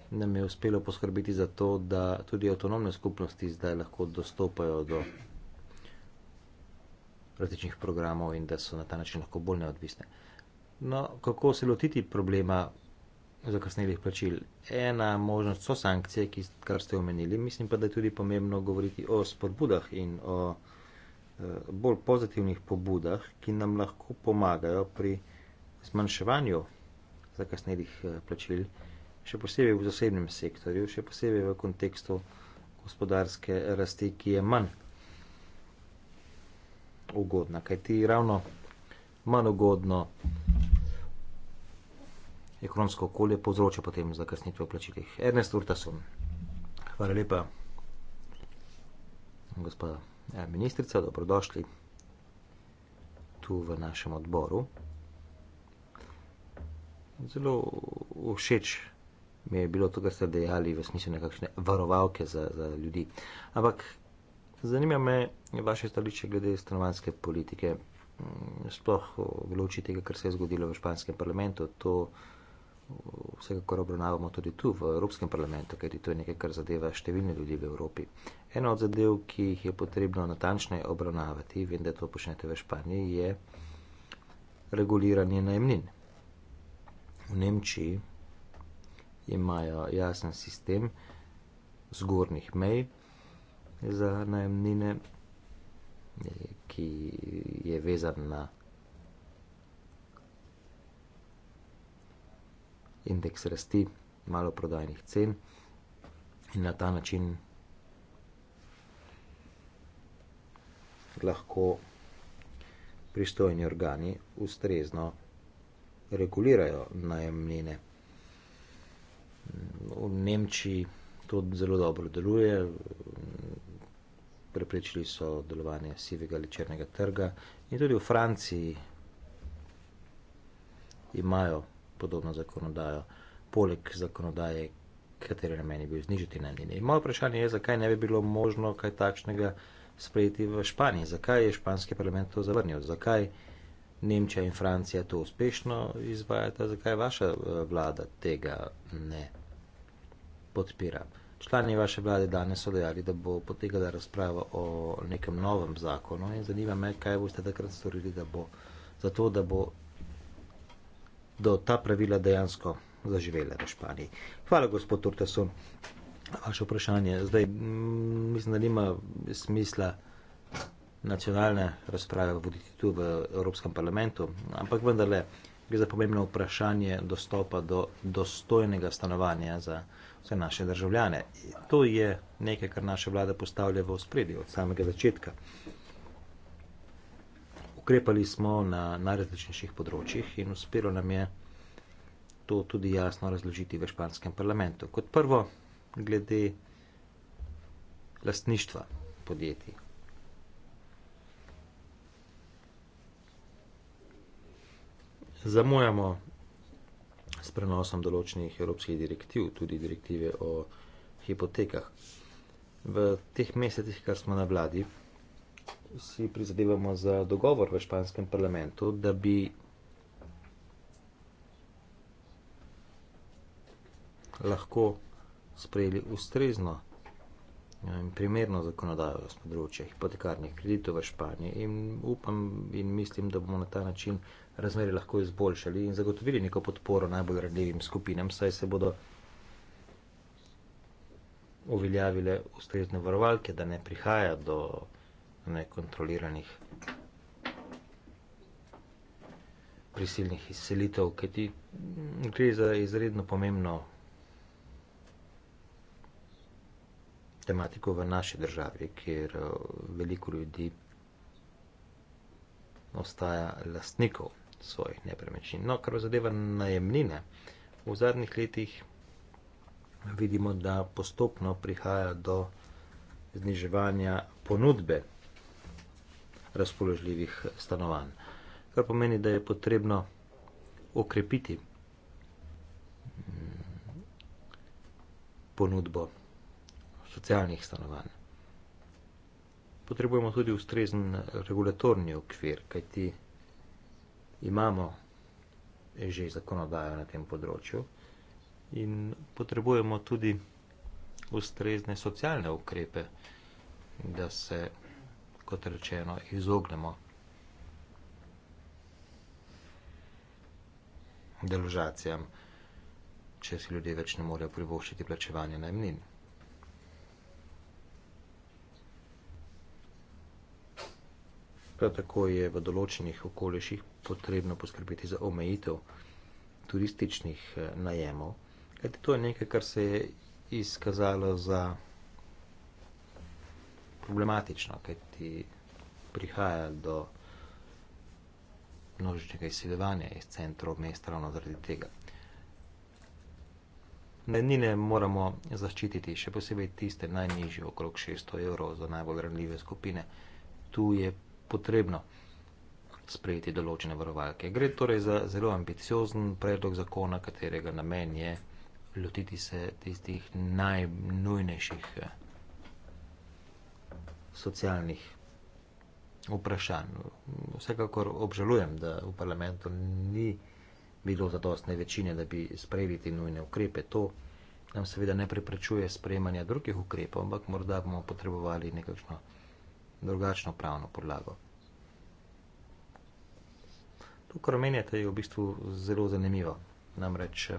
nam je uspelo poskrbeti za to, da tudi avtonomne skupnosti zdaj lahko dostopajo do različnih programov in da so na ta način lahko bolj neodvisne. No, kako se lotiti problema zakasnelih plačil? Ena možnost so sankcije, ki, kar ste omenili, mislim pa, da je tudi pomembno govoriti o spodbudah in o e, bolj pozitivnih pobudah, ki nam lahko pomagajo pri zmanjševanju zakasnelih eh, plačil, še posebej v zasebnem sektorju, še posebej v kontekstu gospodarske rasti, ki je manj ugodna, kaj ti ravno manj ugodno ekonomsko okolje povzroča potem zakasnitve v plačilih. Ernest Urtasun. Hvala lepa. Gospoda eh, ministrica, dobrodošli tu v našem odboru. Zelo všeč mi je bilo to, kar ste dejali v smislu nekakšne varovalke za, za ljudi. Ampak Zanima me vaše stališče glede stanovanske politike, mm, sploh v luči tega, kar se je zgodilo v španskem parlamentu. To vsekakor obravnavamo tudi tu, v Evropskem parlamentu, ker to je nekaj, kar zadeva številne ljudi v Evropi. Ena od zadev, ki jih je potrebno natančneje obravnavati, vem, da to počnete v Španiji, je reguliranje najemnin. V Nemčiji imajo jasen sistem zgornjih mej, za najemnine, ki je vezan na indeks rasti maloprodajnih cen in na ta način lahko pristojni organi ustrezno regulirajo najemnine. V Nemčiji to zelo dobro deluje, preprečili so delovanje sivega ali črnega trga in tudi v Franciji imajo podobno zakonodajo, poleg zakonodaje, katere namen je bil znižiti najmnine. In moje vprašanje je, zakaj ne bi bilo možno kaj takšnega sprejeti v Španiji, zakaj je španski parlament to zavrnil, zakaj Nemčija in Francija to uspešno izvajata, zakaj vaša eh, vlada tega ne podpira. Člani vaše vlade danes so dejali, da bo potekala razprava o nekem novem zakonu in zanima me, kaj boste takrat storili, da bo za to, da bo do ta pravila dejansko zaživela v Španiji. Hvala, gospod Turtason. Vaše vprašanje. Zdaj, mm, mislim, da nima smisla nacionalne razprave voditi tu v Evropskem parlamentu, ampak vendarle gre za pomembno vprašanje dostopa do dostojnega stanovanja za vse naše državljane. To je nekaj, kar naša vlada postavlja v ospredje od samega začetka. Ukrepali smo na najrazličnejših področjih in uspelo nam je to tudi jasno razložiti v španskem parlamentu. Kot prvo, glede lastništva podjetij. Zamujamo s prenosom določenih evropskih direktiv, tudi direktive o hipotekah. V teh mesecih, kar smo na vladi, si prizadevamo za dogovor v španskem parlamentu, da bi lahko sprejeli ustrezno Ja, in primerno zakonodajo z področja hipotekarnih kreditov v Španiji in upam in mislim, da bomo na ta način razmeri lahko izboljšali in zagotovili neko podporo najbolj radljivim skupinam, saj se bodo uveljavile ustrezne varovalke, da ne prihaja do nekontroliranih prisilnih izselitev, kajti gre za izredno pomembno tematiko v naši državi, kjer eh, veliko ljudi ostaja lastnikov svojih nepremičnin. No, kar zadeva najemnine, v zadnjih letih vidimo, da postopno prihaja do zniževanja ponudbe razpoložljivih stanovanj. Kar pomeni, da je potrebno okrepiti mm, ponudbo socialnih stanovanj. Potrebujemo tudi ustrezen regulatorni okvir, kajti imamo že zakonodajo na tem področju in potrebujemo tudi ustrezne socialne ukrepe, da se, kot rečeno, izognemo deložacijam, če si ljudje več ne morejo privoščiti plačevanje najmnin. Prav tako je v določenih okoliših potrebno poskrbeti za omejitev turističnih eh, najemov, kajti to je nekaj, kar se je izkazalo za problematično, kajti prihaja do množičnega izseljevanja iz centrov mesta ravno zaradi tega. Najemnine moramo zaščititi, še posebej tiste najnižje, okrog 600 evrov za najbolj ranljive skupine. Tu je potrebno sprejeti določene varovalke. Gre torej za zelo ambiciozen predlog zakona, katerega namen je lotiti se tistih najnujnejših eh, socialnih vprašanj. Vsekakor obžalujem, da v parlamentu ni bilo zadostne večine, da bi sprejeli te nujne ukrepe. To nam seveda ne preprečuje sprejemanja drugih ukrepov, ampak morda bomo potrebovali nekakšno drugačno pravno podlago. To, kar menjate, je v bistvu zelo zanimivo. Namreč eh,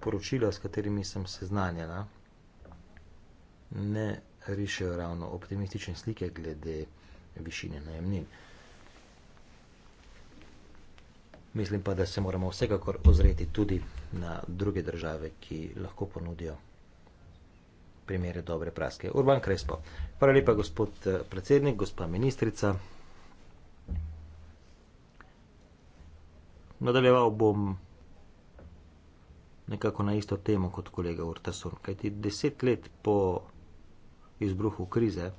poročila, s katerimi sem seznanjena, ne rišejo ravno optimistične slike glede višine najemnin. Mislim pa, da se moramo vsekakor ozreti tudi na druge države, ki lahko ponudijo primere dobre praske. Urban Krespo. Hvala lepa, gospod eh, predsednik, gospa ministrica. Nadaljeval bom nekako na isto temo kot kolega Urtasun, kajti deset let po izbruhu krize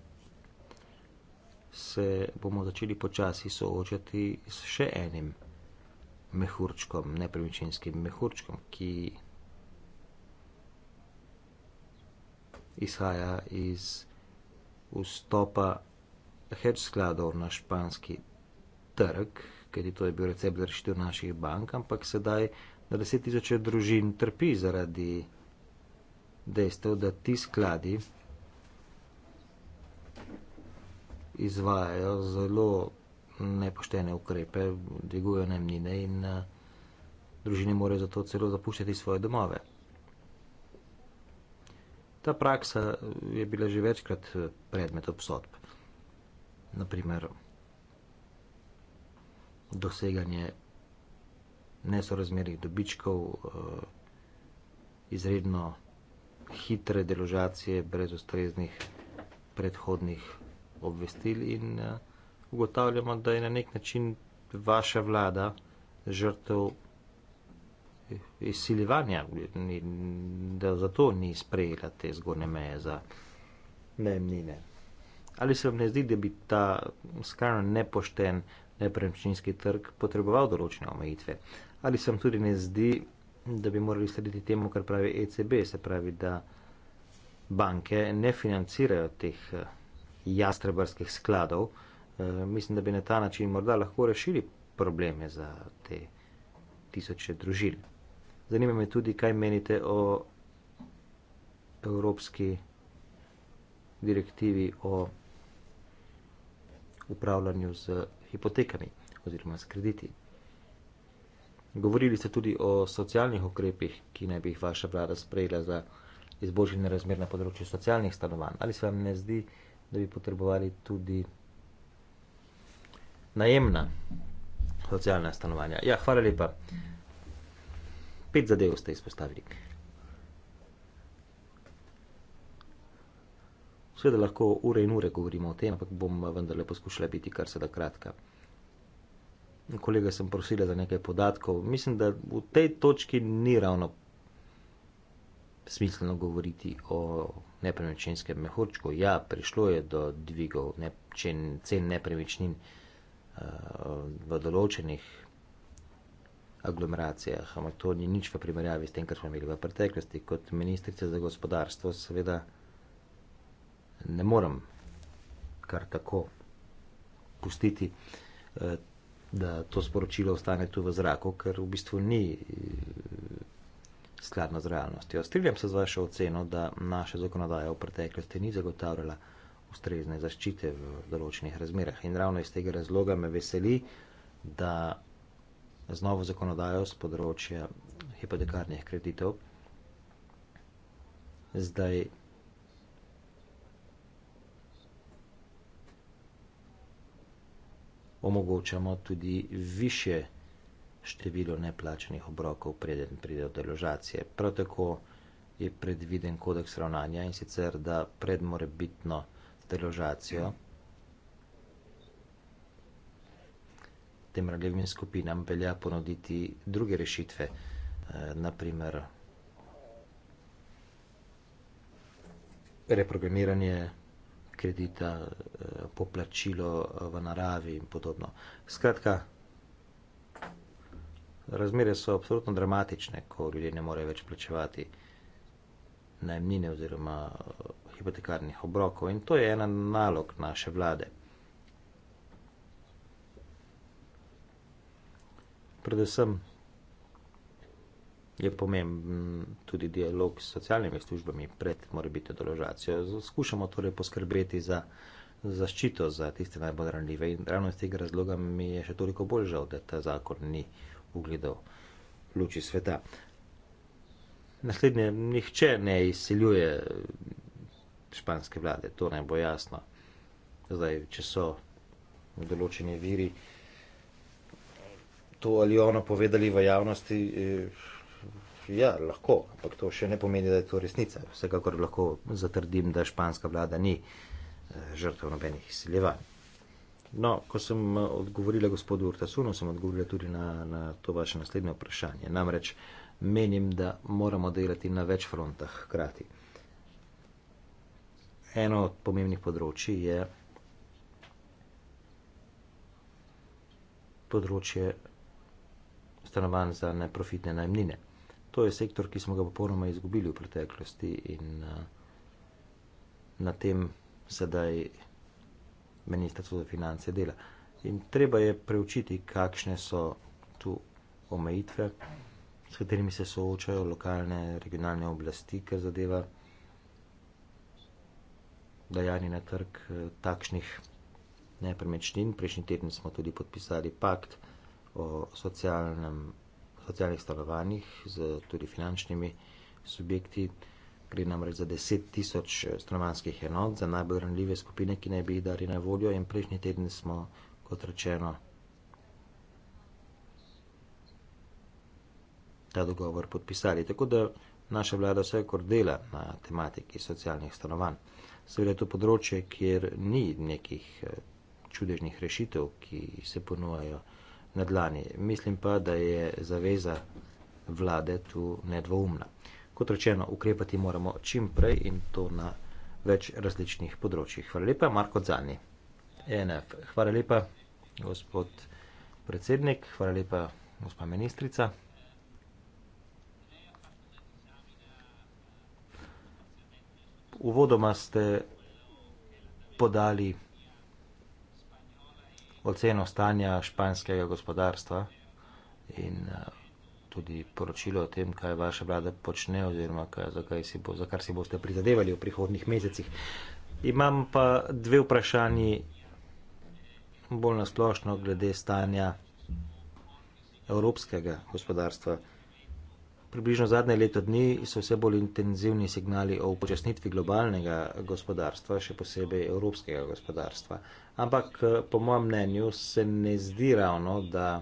se bomo začeli počasi soočati s še enim mehurčkom, nepremičninskim mehurčkom, ki izhaja iz vstopa hedge skladov na španski trg, ker to je bil recept za rešitev naših bank, ampak sedaj na deset tisoče družin trpi zaradi dejstev, da ti skladi izvajajo zelo nepoštene ukrepe, dvigujejo najmnine in eh, družine morajo zato celo zapuščati svoje domove. Ta praksa je bila že večkrat eh, predmet obsodb. Naprimer, doseganje nesorazmernih dobičkov, eh, izredno hitre deložacije brez ustreznih predhodnih obvestil in eh, ugotavljamo, da je na nek način vaša vlada žrtev izsiljevanja, da zato ni sprejela te zgornje meje za najemnine. Ali se vam ne zdi, da bi ta skrajno nepošten nepremičninski trg potreboval določene omejitve? Ali se vam tudi ne zdi, da bi morali slediti temu, kar pravi ECB, se pravi, da banke ne financirajo teh eh, jastrebrskih skladov? Eh, mislim, da bi na ta način morda lahko rešili probleme za te tisoče družine. Zanima me tudi, kaj menite o evropski direktivi o upravljanju z hipotekami oziroma z krediti. Govorili ste tudi o socialnih ukrepih, ki naj bi jih vaša vlada sprejela za izboljšanje razmer na področju socialnih stanovanj. Ali se vam ne zdi, da bi potrebovali tudi najemna socialna stanovanja? Ja, hvala lepa. Pet zadev ste izpostavili. Seveda lahko ure in ure govorimo o tem, ampak bom vendarle poskušala biti kar se da kratka. Kolega sem prosila za nekaj podatkov. Mislim, da v tej točki ni ravno smiselno govoriti o nepremičninskem mehurčku. Ja, prišlo je do dvigov ne, čen, cen nepremičnin uh, v določenih aglomeracijah, ampak to ni nič v primerjavi s tem, kar smo imeli v preteklosti. Kot ministrica za gospodarstvo, seveda ne morem kar tako pustiti, eh, da to sporočilo ostane tu v zraku, ker v bistvu ni eh, skladno z realnostjo. Strinjam se z vašo oceno, da naša zakonodaja v preteklosti ni zagotavljala ustrezne zaščite v določenih razmerah. In ravno iz tega razloga me veseli, da z novo zakonodajo z področja hipotekarnih kreditov. Zdaj omogočamo tudi više število neplačenih obrokov, preden pride do deložacije. Prav tako je predviden kodeks ravnanja in sicer, da pred morebitno deložacijo. Ja. tem ranljivim skupinam velja ponuditi druge rešitve, eh, naprimer reprogramiranje kredita, eh, poplačilo v naravi in podobno. Skratka, razmere so absolutno dramatične, ko ljudje ne morejo več plačevati najemnine oziroma hipotekarnih obrokov in to je ena nalog naše vlade. predvsem je pomemben tudi dialog s socialnimi službami pred morebitno deložacijo. Skušamo torej poskrbeti za zaščito za tiste najbolj ranljive in ravno iz tega razloga mi je še toliko bolj žal, da ta zakon ni ugledal luči sveta. Naslednje, nihče ne izseljuje španske vlade, to naj bo jasno. Zdaj, če so določeni viri, to ali ono povedali v javnosti, eh, ja, lahko, ampak to še ne pomeni, da je to resnica. Vsekakor lahko zatrdim, da španska vlada ni eh, žrtev nobenih izsiljevanj. No, ko sem eh, odgovorila gospodu Urtasunu, sem odgovorila tudi na, na to vaše naslednje vprašanje. Namreč menim, da moramo delati na več frontah hkrati. Eno od pomembnih področij je področje stanovanj za neprofitne najmnine. To je sektor, ki smo ga popolnoma izgubili v preteklosti in eh, na tem sedaj ministrstvo za finance dela. In treba je preučiti, kakšne so tu omejitve, s katerimi se soočajo lokalne, regionalne oblasti, kar zadeva dajanje na trg eh, takšnih nepremečnin. Prejšnji teden smo tudi podpisali pakt o socialnem, socialnih stanovanjih z tudi finančnimi subjekti. Gre namreč za 10 tisoč eh, stanovanskih enot za najbolj ranljive skupine, ki naj bi jih dali na voljo in prejšnji teden smo, kot rečeno, ta dogovor podpisali. Tako da naša vlada vse kor dela na tematiki socialnih stanovanj. Seveda je to področje, kjer ni nekih eh, čudežnih rešitev, ki se ponujajo na dlani. Mislim pa, da je zaveza vlade tu nedvoumna. Kot rečeno, ukrepati moramo čim prej in to na več različnih področjih. Hvala lepa, Marko Zani. ENF. Hvala lepa, gospod predsednik, hvala lepa, gospa ministrica. Uvodoma ste podali oceno stanja španskega gospodarstva in eh, tudi poročilo o tem, kaj vaša vlada počne oziroma kaj, za, kaj si bo, za kar si boste prizadevali v prihodnih mesecih. Imam pa dve vprašanji bolj nasplošno glede stanja evropskega gospodarstva približno zadnje leto dni so vse bolj intenzivni signali o upočasnitvi globalnega gospodarstva, še posebej evropskega gospodarstva. Ampak eh, po mojem mnenju se ne zdi ravno, da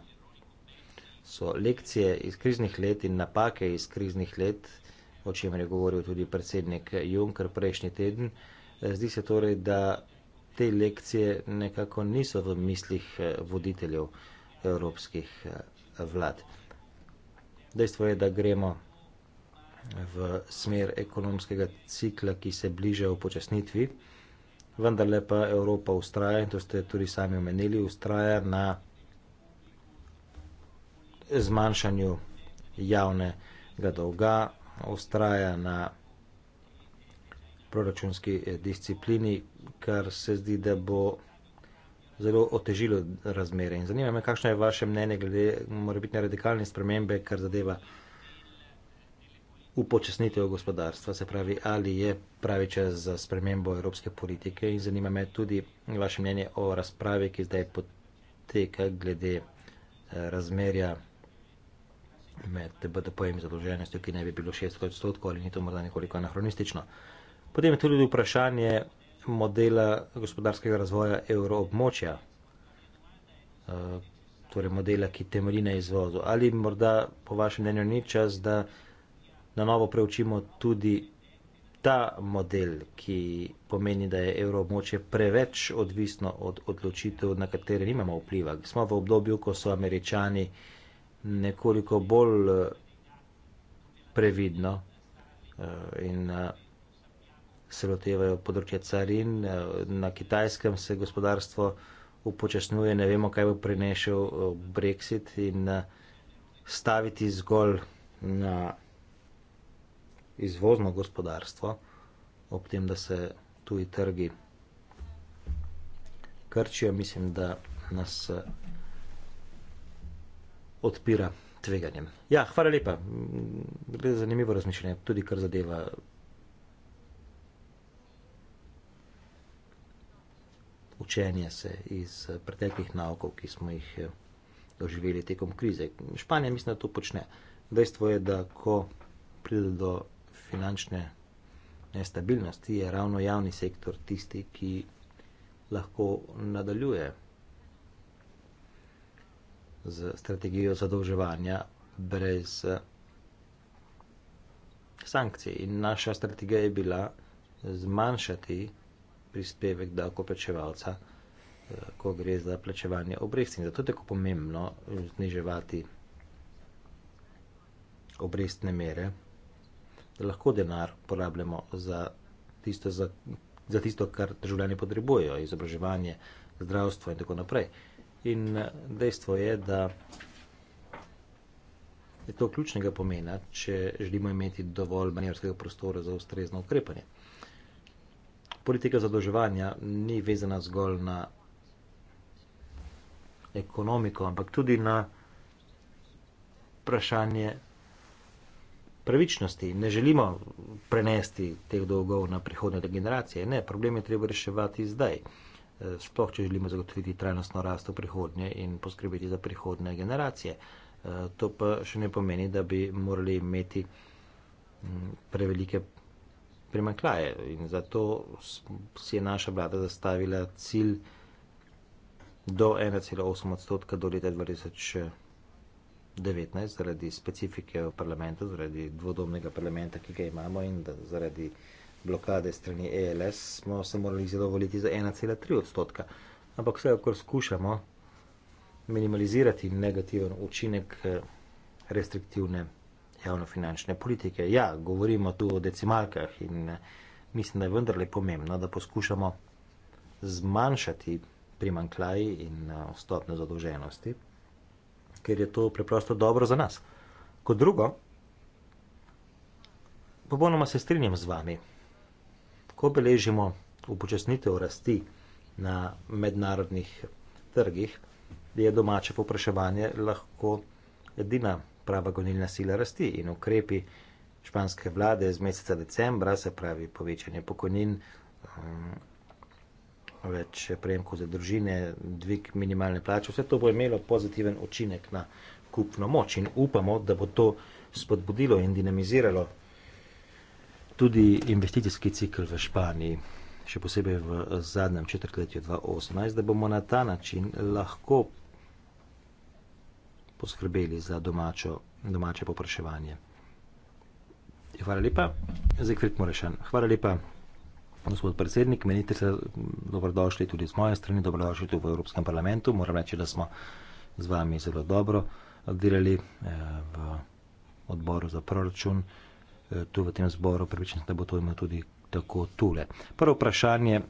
so lekcije iz kriznih let in napake iz kriznih let, o čem je govoril tudi predsednik Juncker prejšnji teden, eh, zdi se torej, da te lekcije nekako niso v mislih eh, voditeljev evropskih vlad. Dejstvo je, da gremo v smer ekonomskega cikla, ki se bliže upočasnitvi, vendar lepa Evropa ustraja, in to ste tudi sami omenili, ustraja na zmanjšanju javnega dolga, ustraja na proračunski eh, disciplini, kar se zdi, da bo zelo otežilo razmere. In zanima me, kakšno je vaše mnenje glede morebitne radikalne spremembe, kar zadeva upočasnitev gospodarstva, se pravi, ali je pravi čas za spremembo evropske politike. In zanima me tudi vaše mnenje o razpravi, ki zdaj poteka glede eh, razmerja med BDP-jem zadolženostjo, ki ne bi bilo 600 odstotkov ali ni to morda nekoliko anahronistično. Potem je tudi vprašanje modela gospodarskega razvoja evroobmočja, eh, torej modela, ki temelji na izvozu. Ali morda po vašem mnenju ni čas, da na novo preučimo tudi ta model, ki pomeni, da je evroobmočje preveč odvisno od odločitev, na katere nimamo vpliva. Smo v obdobju, ko so američani nekoliko bolj eh, previdno eh, in se lotevajo področja carin, eh, na kitajskem se gospodarstvo upočasnjuje, ne vemo, kaj bo prinešel eh, Brexit in eh, staviti zgolj na izvozno gospodarstvo, ob tem, da se tuji trgi krčijo, mislim, da nas odpira tveganjem. Ja, hvala lepa. Gre za zanimivo razmišljanje, tudi kar zadeva učenje se iz eh, preteklih naukov, ki smo jih eh, doživeli tekom krize. Španija mislim, da to počne. Dejstvo je, da ko pride do finančne nestabilnosti, je ravno javni sektor tisti, ki lahko nadaljuje z strategijo zadolževanja brez eh, sankcij. In naša strategija je bila zmanjšati prispevek davkoplačevalca, eh, ko gre za plačevanje obresti. In zato je tako pomembno eh, zniževati obrestne mere, da lahko denar porabljamo za tisto, za, za tisto kar državljani potrebujejo, izobraževanje, zdravstvo in tako naprej. In eh, dejstvo je, da je to ključnega pomena, če želimo imeti dovolj manjerskega prostora za ustrezno ukrepanje politika zadolževanja ni vezana zgolj na ekonomiko, ampak tudi na vprašanje pravičnosti. Ne želimo prenesti teh dolgov na prihodne generacije. Ne, problem je treba reševati zdaj. E, sploh, če želimo zagotoviti trajnostno rast v prihodnje in poskrbeti za prihodne generacije. E, to pa še ne pomeni, da bi morali imeti prevelike primankljaje. In zato si je naša vlada zastavila cilj do 1,8 odstotka do leta 2019, zaradi specifike v parlamentu, zaradi dvodobnega parlamenta, ki ga imamo in da, zaradi blokade strani ELS, smo se morali zadovoljiti za 1,3 odstotka. Ampak vsekakor skušamo minimalizirati negativen učinek eh, restriktivne javnofinančne politike. Ja, govorimo tu o decimalkah in eh, mislim, da je vendarle pomembno, da poskušamo zmanjšati primankljaj in eh, stopne zadolženosti, ker je to preprosto dobro za nas. Kot drugo, popolnoma se strinjam z vami, ko beležimo upočasnitev rasti na mednarodnih trgih, je domače popraševanje lahko edina prava gonilna sila rasti in ukrepi španske vlade z meseca decembra, se pravi povečanje pokojnin, um, več prejemkov za družine, dvig minimalne plače, vse to bo imelo pozitiven učinek na kupno moč in upamo, da bo to spodbudilo in dinamiziralo tudi investicijski cikl v Španiji. Še posebej v zadnjem četrtletju 2018, da bomo na ta način lahko poskrbeli za domačo, domače popraševanje. Hvala lepa, zdaj kvit Morešan. Hvala lepa, gospod predsednik, menite se dobrodošli tudi z moje strani, dobrodošli tudi v Evropskem parlamentu. Moram reči, da smo z vami zelo dobro delali eh, v odboru za proračun, eh, tu v tem zboru, pripričan sem, da bo to imel tudi tako tule. Prvo vprašanje eh,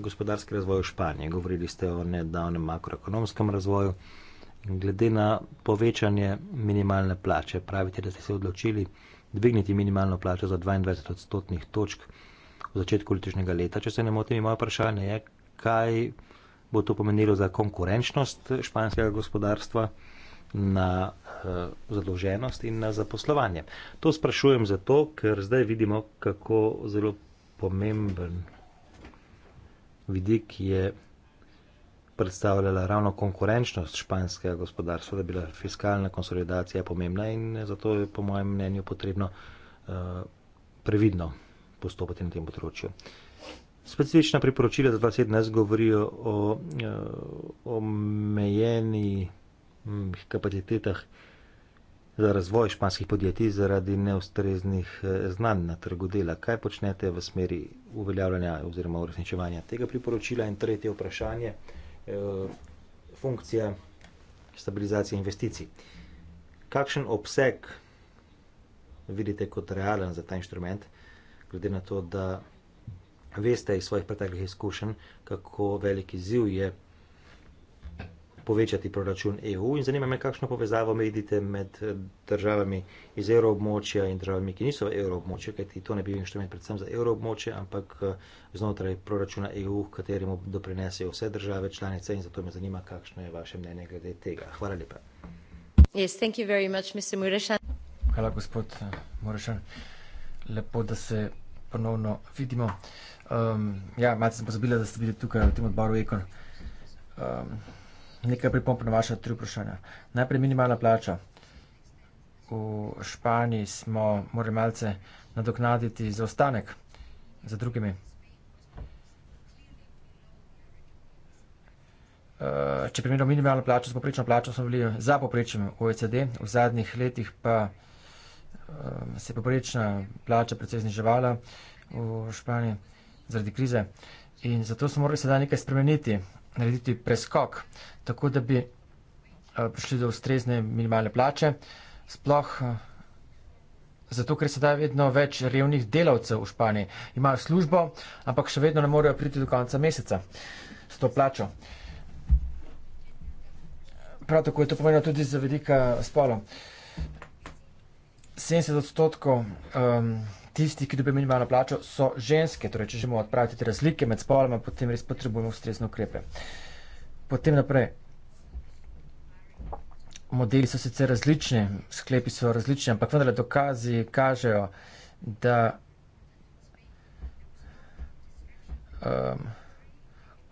gospodarski razvoj v Španiji. Govorili ste o nedavnem makroekonomskem razvoju glede na povečanje minimalne plače. Pravite, da ste se odločili dvigniti minimalno plačo za 22 odstotnih točk v začetku letošnjega leta. Če se ne motim, moje vprašanje je, ja, kaj bo to pomenilo za konkurenčnost španskega gospodarstva na eh, zadolženost in na zaposlovanje. To sprašujem zato, ker zdaj vidimo, kako zelo pomemben vidik je predstavljala ravno konkurenčnost španskega gospodarstva, da bi bila fiskalna konsolidacija pomembna in zato je po mojem mnenju potrebno uh, previdno postopati na tem področju. Specifična priporočila za 2017 govorijo o uh, omejeni m, hm, kapacitetah za razvoj španskih podjetij zaradi neustreznih eh, znanj na trgu dela. Kaj počnete v smeri uveljavljanja oziroma uresničevanja tega priporočila in tretje vprašanje? Eh, funkcije stabilizacije investicij. Kakšen obseg vidite kot realen za ta inštrument, glede na to, da veste iz svojih preteklih izkušenj, kako velik izziv je povečati proračun EU in zanima me, kakšno povezavo vidite med eh, državami iz evroobmočja in državami, ki niso evroobmočje, kajti to ne bi bil inštrument predvsem za evroobmočje, ampak eh, znotraj proračuna EU, v katerem doprinesejo vse države članice in zato me zanima, kakšno je vaše mnenje glede tega. Hvala lepa. Yes, much,
Hvala, gospod eh, Morešan. Lepo, da se ponovno vidimo. Um, ja, malce sem pozabila, da ste bili tukaj v tem odboru Ekon. Um, nekaj pripomp na vaše tri vprašanja. Najprej minimalna plača. V Španiji smo morali malce nadoknaditi za ostanek za drugimi. Eh, če primerjamo minimalno plačo s poprečno plačo, smo bili za poprečjem OECD, v zadnjih letih pa eh, se je poprečna plača precej zniževala v Španiji zaradi krize. In zato smo morali sedaj nekaj spremeniti narediti preskok, tako da bi eh, prišli do ustrezne minimalne plače. Sploh eh, zato, ker se da vedno več revnih delavcev v Španiji. Imajo službo, ampak še vedno ne morejo priti do konca meseca s to plačo. Prav tako je to pomenilo tudi za vedika spola. 70 odstotkov um, tisti, ki dobijo minimalno plačo, so ženske. Torej, če želimo odpraviti razlike med spoloma, potem res potrebujemo ustrezne ukrepe. Potem naprej. Modeli so sicer različni, sklepi so različni, ampak vendarle dokazi kažejo, da. Um,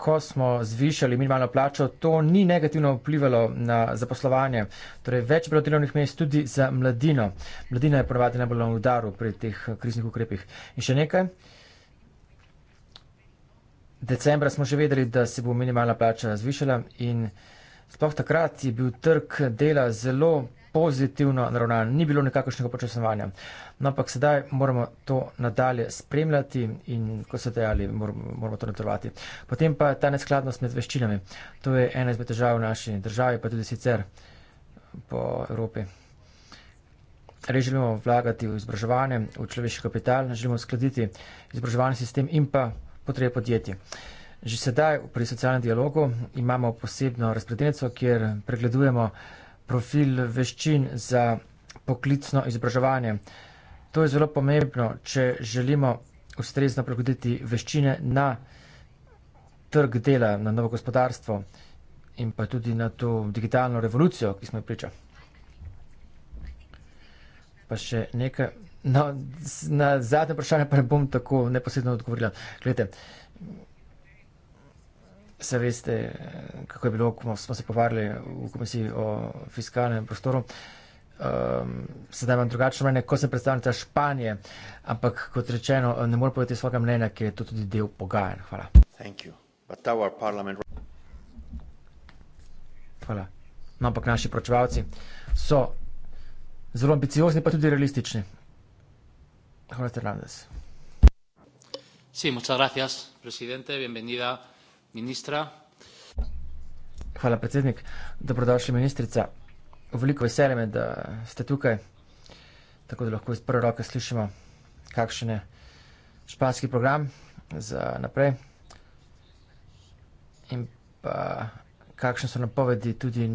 ko smo zvišali minimalno plačo, to ni negativno vplivalo na zaposlovanje. Torej, več bilo delovnih mest tudi za mladino. Mladina je ponovadi najbolj na udaru pri teh kriznih ukrepih. In še nekaj. Decembra smo že vedeli, da se bo minimalna plača zvišala in sploh takrat je bil trg dela zelo pozitivno naravnan, ni bilo nekakšnega počasovanja. No, ampak sedaj moramo to nadalje spremljati in, kot ste dejali, moramo, moramo to nadaljevati. Potem pa ta neskladnost med veščinami. To je ena izmed težav v naši državi, pa tudi sicer po Evropi. Res želimo vlagati v izobraževanje, v človeški kapital, želimo skladiti izobraževalni sistem in pa potrebe podjetij. Že sedaj pri socialnem dialogu imamo posebno razpredeljico, kjer pregledujemo profil veščin za poklicno izobraževanje. To je zelo pomembno, če želimo ustrezno prilagoditi veščine na trg dela, na novo gospodarstvo in pa tudi na to digitalno revolucijo, ki smo jo priča. Pa še nekaj. No, na zadnje vprašanje pa ne bom tako neposredno odgovorila. Gledajte, se veste, kako je bilo, ko smo se povarjali v komisiji o fiskalnem prostoru. Um, ehm, sedaj imam drugačno mnenje, ko sem predstavnica Španije, ampak kot rečeno, ne morem povedati svojega mnenja, ker je to tudi del pogajanj. Hvala. Hvala. No, ampak naši pročevalci so zelo ambiciozni, pa tudi realistični. Hvala, Fernandez.
Sí, muchas gracias, presidente. Bienvenida ministra.
Hvala, predsednik. Dobrodošli, ministrica. Veliko veselje me, da ste tukaj, tako da lahko iz prve roke slišimo, kakšen je španski program za naprej in pa kakšne so napovedi tudi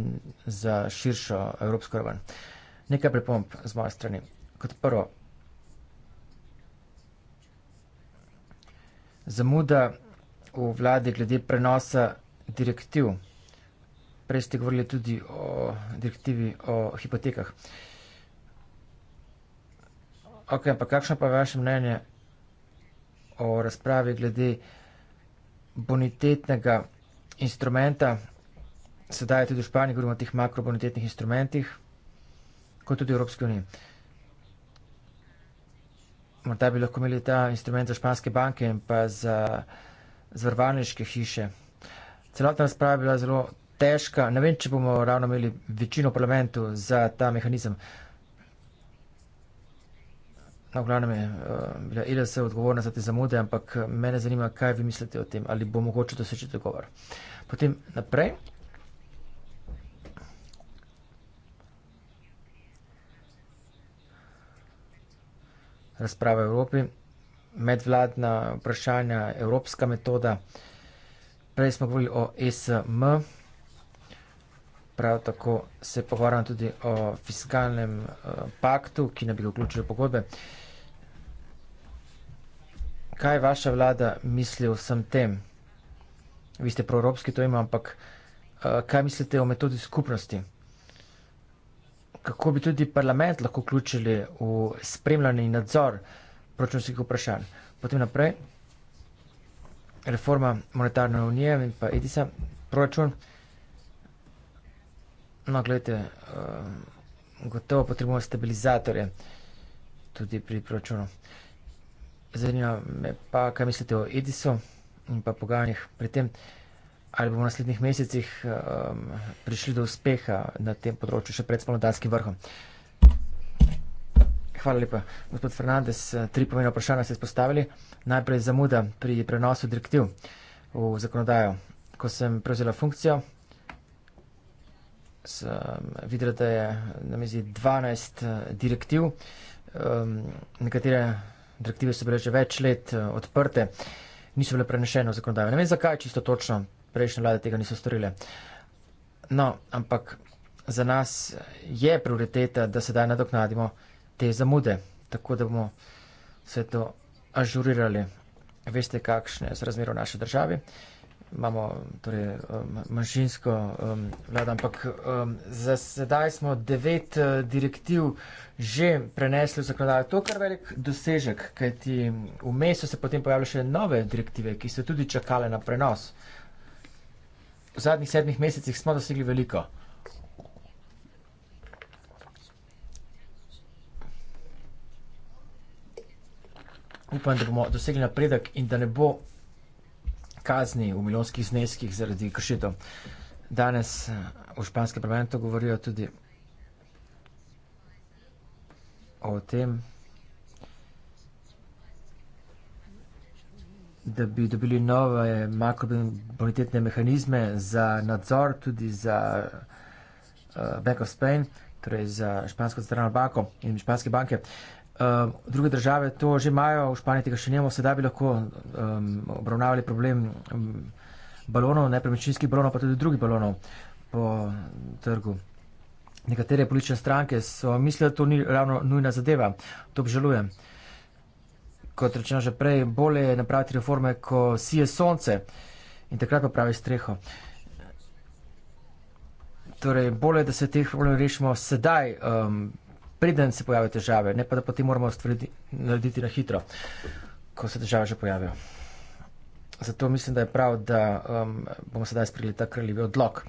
za širšo evropsko raven. Nekaj pripomp z moje strani. Kot prvo, zamuda v vladi glede prenosa direktiv. Prej ste govorili tudi o direktivi o hipotekah. Ok, ampak kakšno pa je vaše mnenje o razpravi glede bonitetnega instrumenta? Sedaj je tudi v Španiji, govorimo o teh makrobonitetnih instrumentih, kot tudi v Evropski uniji. Morda bi lahko imeli ta instrument za španske banke in pa za zvrvalniške hiše. Celotna razprava je bila zelo težka. Ne vem, če bomo ravno imeli večino v parlamentu za ta mehanizem. Na no, glavnem je eh, bila IDS odgovorna za te zamude, ampak eh, mene zanima, kaj vi mislite o tem, ali bo mogoče doseči dogovor. Potem naprej. Razprava v Evropi medvladna vprašanja, evropska metoda. Prej smo govorili o e SM, prav tako se pogovarjamo tudi o fiskalnem eh, paktu, ki ne bi ga vključili pogodbe. Kaj vaša vlada misli o vsem tem? Vi ste proevropski, to ima, ampak eh, kaj mislite o metodi skupnosti? Kako bi tudi parlament lahko vključili v spremljanje in nadzor eh, proračunskih vprašanj. Potem naprej, reforma monetarne unije in pa EDIS-a, proračun. No, gledajte, eh, gotovo potrebujemo stabilizatorje tudi pri proračunu. Zanima me pa, kaj mislite o EDIS-u in pa pogajanjih pri tem, ali bomo v naslednjih mesecih eh, prišli do uspeha na tem področju še pred spolnodanskim vrhom. Hvala lepa. Gospod Fernandez, tri pomena vprašanja ste spostavili. Najprej zamuda pri prenosu direktiv v zakonodajo. Ko sem prevzela funkcijo, sem videla, da je na mizi 12 eh, direktiv. Um, nekatere direktive so bile že več let eh, odprte, niso bile prenešene v zakonodajo. Ne vem, zakaj čisto točno prejšnje vlade tega niso storile. No, ampak za nas je prioriteta, da se daj nadoknadimo te zamude, tako da bomo vse to ažurirali. Veste, kakšne so razmere v naši državi. Imamo torej, um, manjšinsko um, vlado, ampak um, za sedaj smo devet uh, direktiv že prenesli v zakonodajo. To je kar velik dosežek, kajti vmes so se potem pojavile še nove direktive, ki so tudi čakale na prenos. V zadnjih sedmih mesecih smo dosegli veliko. upam, da bomo dosegli napredek in da ne bo kazni v milijonskih zneskih zaradi kršitev. Danes eh, v španskem parlamentu govorijo tudi o tem, da bi dobili nove makrobonitetne mehanizme za nadzor, tudi za eh, Bank of Spain, torej za špansko zdravno banko in španske banke. Uh, druge države to že imajo, v Španiji tega še nimamo, sedaj bi lahko um, obravnavali problem um, balonov, nepremičninskih balonov, pa tudi drugih balonov po trgu. Nekatere politične stranke so mislili, da to ni ravno nujna zadeva, to obžalujem. Kot rečeno že prej, bolje je napraviti reforme, ko sije sonce in takrat pa pravi streho. Torej, bolje je, da se teh problemov rešimo sedaj. Um, preden se pojavijo težave, ne pa da potem moramo stvari narediti na hitro, ko se težave že pojavijo. Zato mislim, da je prav, da um, bomo sedaj sprejeli ta kraljivi odlog.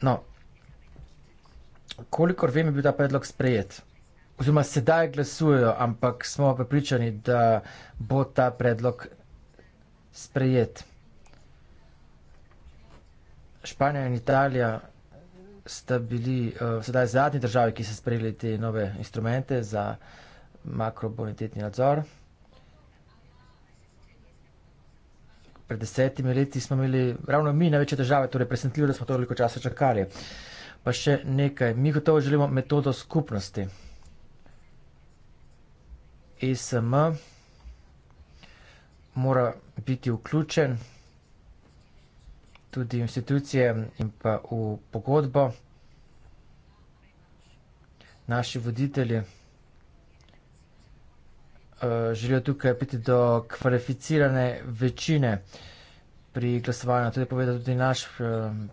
No, kolikor vem, je bil ta predlog sprejet. Oziroma, sedaj glasujejo, ampak smo prepričani, da bo ta predlog sprejet. Španija in Italija sta bili uh, sedaj zadnji državi, ki so sprejeli te nove instrumente za makrobonitetni nadzor. Pred desetimi leti smo imeli ravno mi največje države, torej presenetljivo, da smo toliko časa čakali. Pa še nekaj, mi gotovo želimo metodo skupnosti. ESM mora biti vključen tudi institucije in pa v pogodbo. Naši voditelji eh, želijo tukaj biti do kvalificirane večine pri glasovanju. To je povedal tudi naš eh,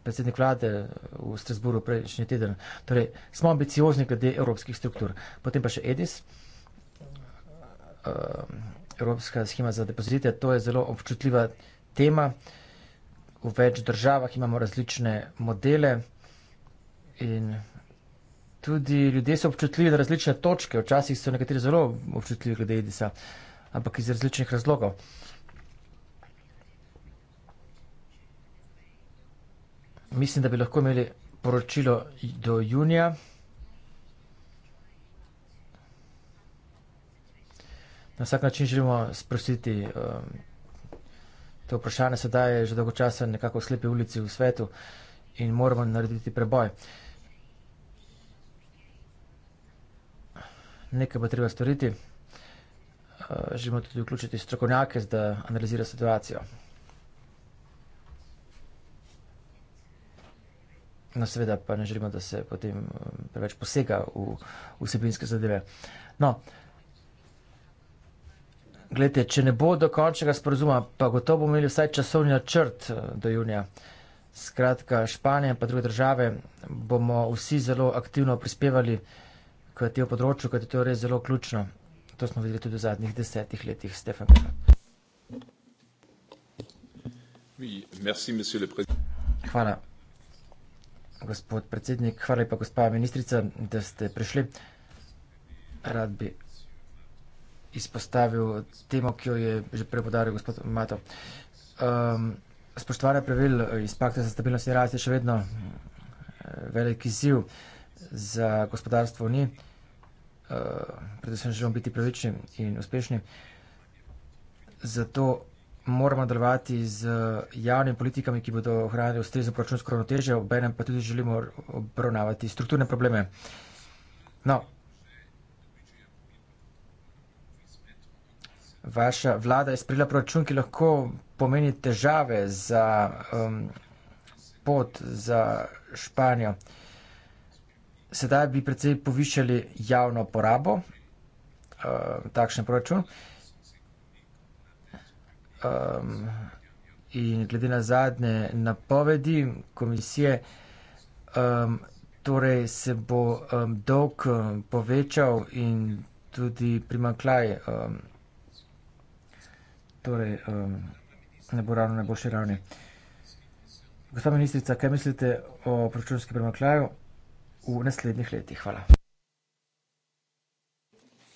predsednik vlade v Strasburu prejšnji teden. Torej, smo ambiciozni glede evropskih struktur. Potem pa še EDIS, eh, Evropska schema za depozite. To je zelo občutljiva tema v več državah, imamo različne modele in tudi ljudje so občutljivi na različne točke. Včasih so nekateri zelo občutljivi glede Edisa, ampak iz različnih razlogov. Mislim, da bi lahko imeli poročilo do junija. Na vsak način želimo sprostiti um, To vprašanje sedaj je že dolgo časa nekako v slepi ulici v svetu in moramo narediti preboj. Nekaj bo treba storiti. Eh, želimo tudi vključiti strokovnjake, da analizira situacijo. No, seveda pa ne želimo, da se potem eh, preveč posega v vsebinske zadeve. No, uh, Glede, če ne bo do končnega sporozuma, pa gotovo bomo imeli vsaj časovni načrt eh, do junija. Skratka, Španija in pa druge države bomo vsi zelo aktivno prispevali k temu področju, ker je to res zelo ključno. To smo videli tudi v zadnjih desetih letih, Stefan. Hvala, gospod predsednik, hvala lepa, gospa ministrica, da ste prišli. Rad bi izpostavil temo, ki jo je že prepodaril gospod Mato. Um, ehm, spoštovanje pravil eh, iz pakta za stabilnost in rast je še vedno eh, veliki ziv za gospodarstvo ni. Uh, predvsem želimo biti pravični in uspešni. Zato moramo delovati z javnimi politikami, ki bodo ohranili ustrezno proračunsko ravnotežje, obenem pa tudi želimo obravnavati strukturne probleme. No, vaša vlada je sprila proračun, ki lahko pomeni težave za um, pot za Španijo. Sedaj bi predvsej povišali javno porabo, um, takšen proračun. Um, in glede na zadnje napovedi komisije, um, torej se bo um, dolg um, povečal in tudi primanklaj. Um, torej um, ne bo ravno najboljše ravni. Gospa ministrica, kaj mislite o proračunskem premakljaju v naslednjih letih? Hvala.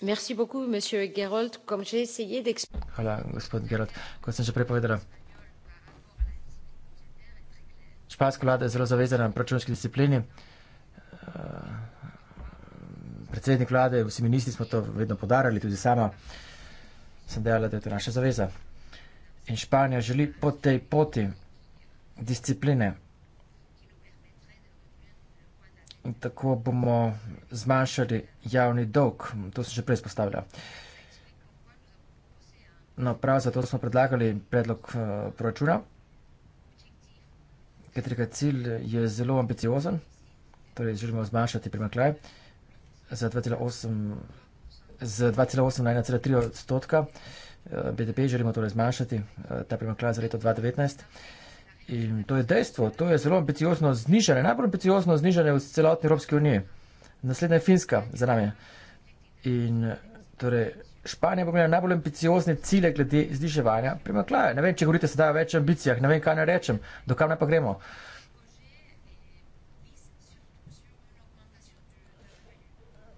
Merci beaucoup, monsieur Gerold, comme j'ai essayé d'expliquer. Hvala, gospod Gerold, kot sem že prej povedala. Španska vlada je zelo zavezana proračunski disciplini. Uh, predsednik vlade, vsi ministri smo to vedno podarali, tudi sama sem dejal, da je to naša zaveza. In Španija želi po tej poti discipline. In tako bomo zmanjšali javni dolg. To se že prej spostavlja. No, prav zato smo predlagali predlog uh, proračuna, katerega cilj je zelo ambiciozen, torej želimo zmanjšati primakljaj za 2,8 z 2,8 na 1,3 odstotka. Eh, BDP želimo torej zmanjšati, eh, ta primakljaj za leto 2019. In to je dejstvo, to je zelo ambiciozno znižanje, najbolj ambiciozno znižanje v celotni Evropski uniji. Naslednja je Finska za nami. In torej Španija bo imela najbolj ambiciozne cilje glede zniževanja primakljaja. Ne vem, če govorite sedaj o več ambicijah, ne vem, kaj naj rečem, dokam ne pa gremo. Uh,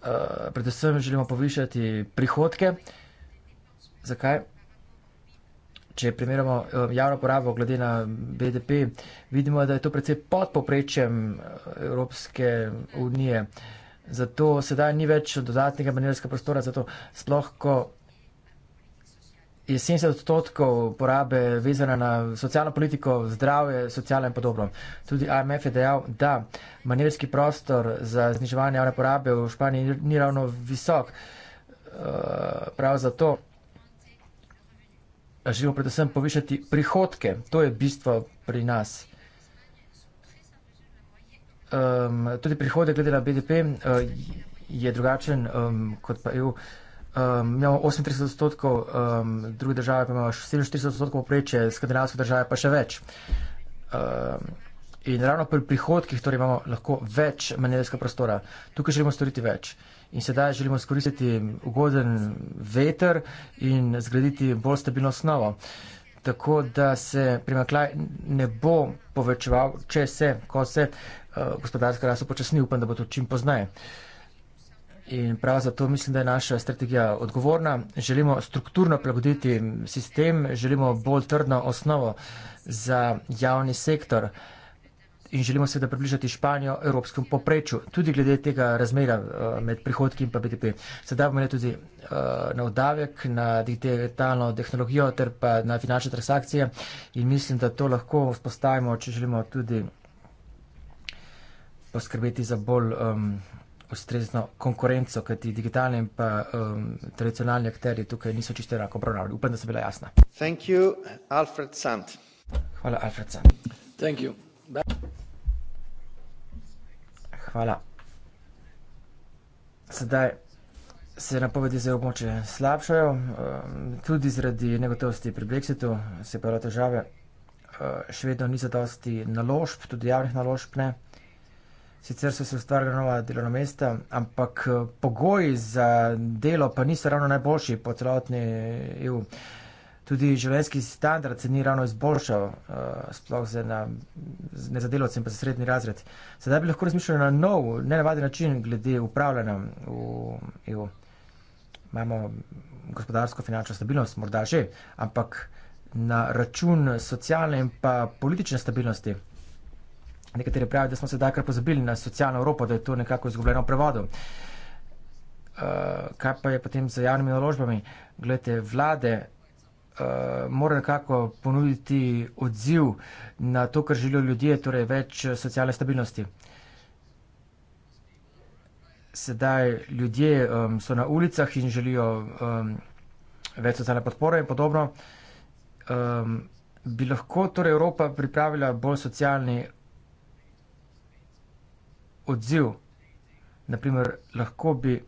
Eh, predvsem želimo povišati prihodke. Zakaj? Če primerjamo eh, javno porabo glede na BDP, vidimo, da je to predvsej pod poprečjem eh, Evropske unije. Zato sedaj ni več dodatnega manjerska prostora, zato sploh, ko je 70 odstotkov porabe vezana na socialno politiko, zdravje, socialno in podobno. Tudi IMF je dejal, da manevrski prostor za zniževanje javne porabe v Španiji ni ravno visok. Eh, prav zato želimo predvsem povišati prihodke. To je bistvo pri nas. Tudi prihode glede na BDP eh, je drugačen kot pa EU um, imamo 38 odstotkov, um, druge države pa imamo 47 odstotkov preče, skandinavske države pa še več. Um, in ravno pri prihodkih torej imamo lahko več manevrskega prostora. Tukaj želimo storiti več. In sedaj želimo skoristiti ugoden veter in zgraditi bolj stabilno osnovo. Tako da se primaklaj ne bo povečeval, če se, ko se uh, gospodarska rasa počasni, upam, da bo to čim poznaje. Uh, In prav zato mislim, da je naša strategija odgovorna. Želimo strukturno prilagoditi sistem, želimo bolj trdno osnovo za javni sektor in želimo seveda približati Španijo evropskemu poprečju, tudi glede tega razmera eh, med prihodki in pa BDP. Sedaj bomo imeli tudi eh, na odavek, na digitalno tehnologijo ter pa na finančne transakcije in mislim, da to lahko vzpostavimo, če želimo tudi poskrbeti za bolj. Um, ustrezno konkurenco, ker ti digitalni in pa um, tradicionalni akteri tukaj niso čisto enako obravnavali. Upam, da so bila jasna. Thank you, Alfred Sant. Hvala, Alfred Sant. Thank you. Bye. Hvala. Sedaj se napovedi za območje slabšajo, um, tudi zaradi negotovosti pri Brexitu, se pa rade težave. Uh, Še vedno ni zadosti naložb, tudi javnih naložb ne. Sicer so se ustvarjala nova delovna mesta, ampak eh, pogoji za delo pa niso ravno najboljši po celotni EU. Eh, e Tudi življenjski standard se ni ravno izboljšal, eh, sploh za na, ne za delovce in pa za srednji razred. Sedaj bi lahko razmišljali na nov, nenavaden način glede upravljanja v EU. Imamo gospodarsko finančno stabilnost, morda že, ampak na račun socialne in pa politične stabilnosti. Nekateri pravijo, da smo se dajkar pozabili na socialno Evropo, da je to nekako izgubljeno v prevodu. Uh, kaj pa je potem z javnimi naložbami? Glede vlade uh, mora nekako ponuditi odziv na to, kar želijo ljudje, torej več uh, socialne stabilnosti. Sedaj ljudje um, so na ulicah in želijo um, več socialne podpore in podobno. Um, bi lahko torej Evropa pripravila bolj socialni odziv. Naprimer, lahko bi uh,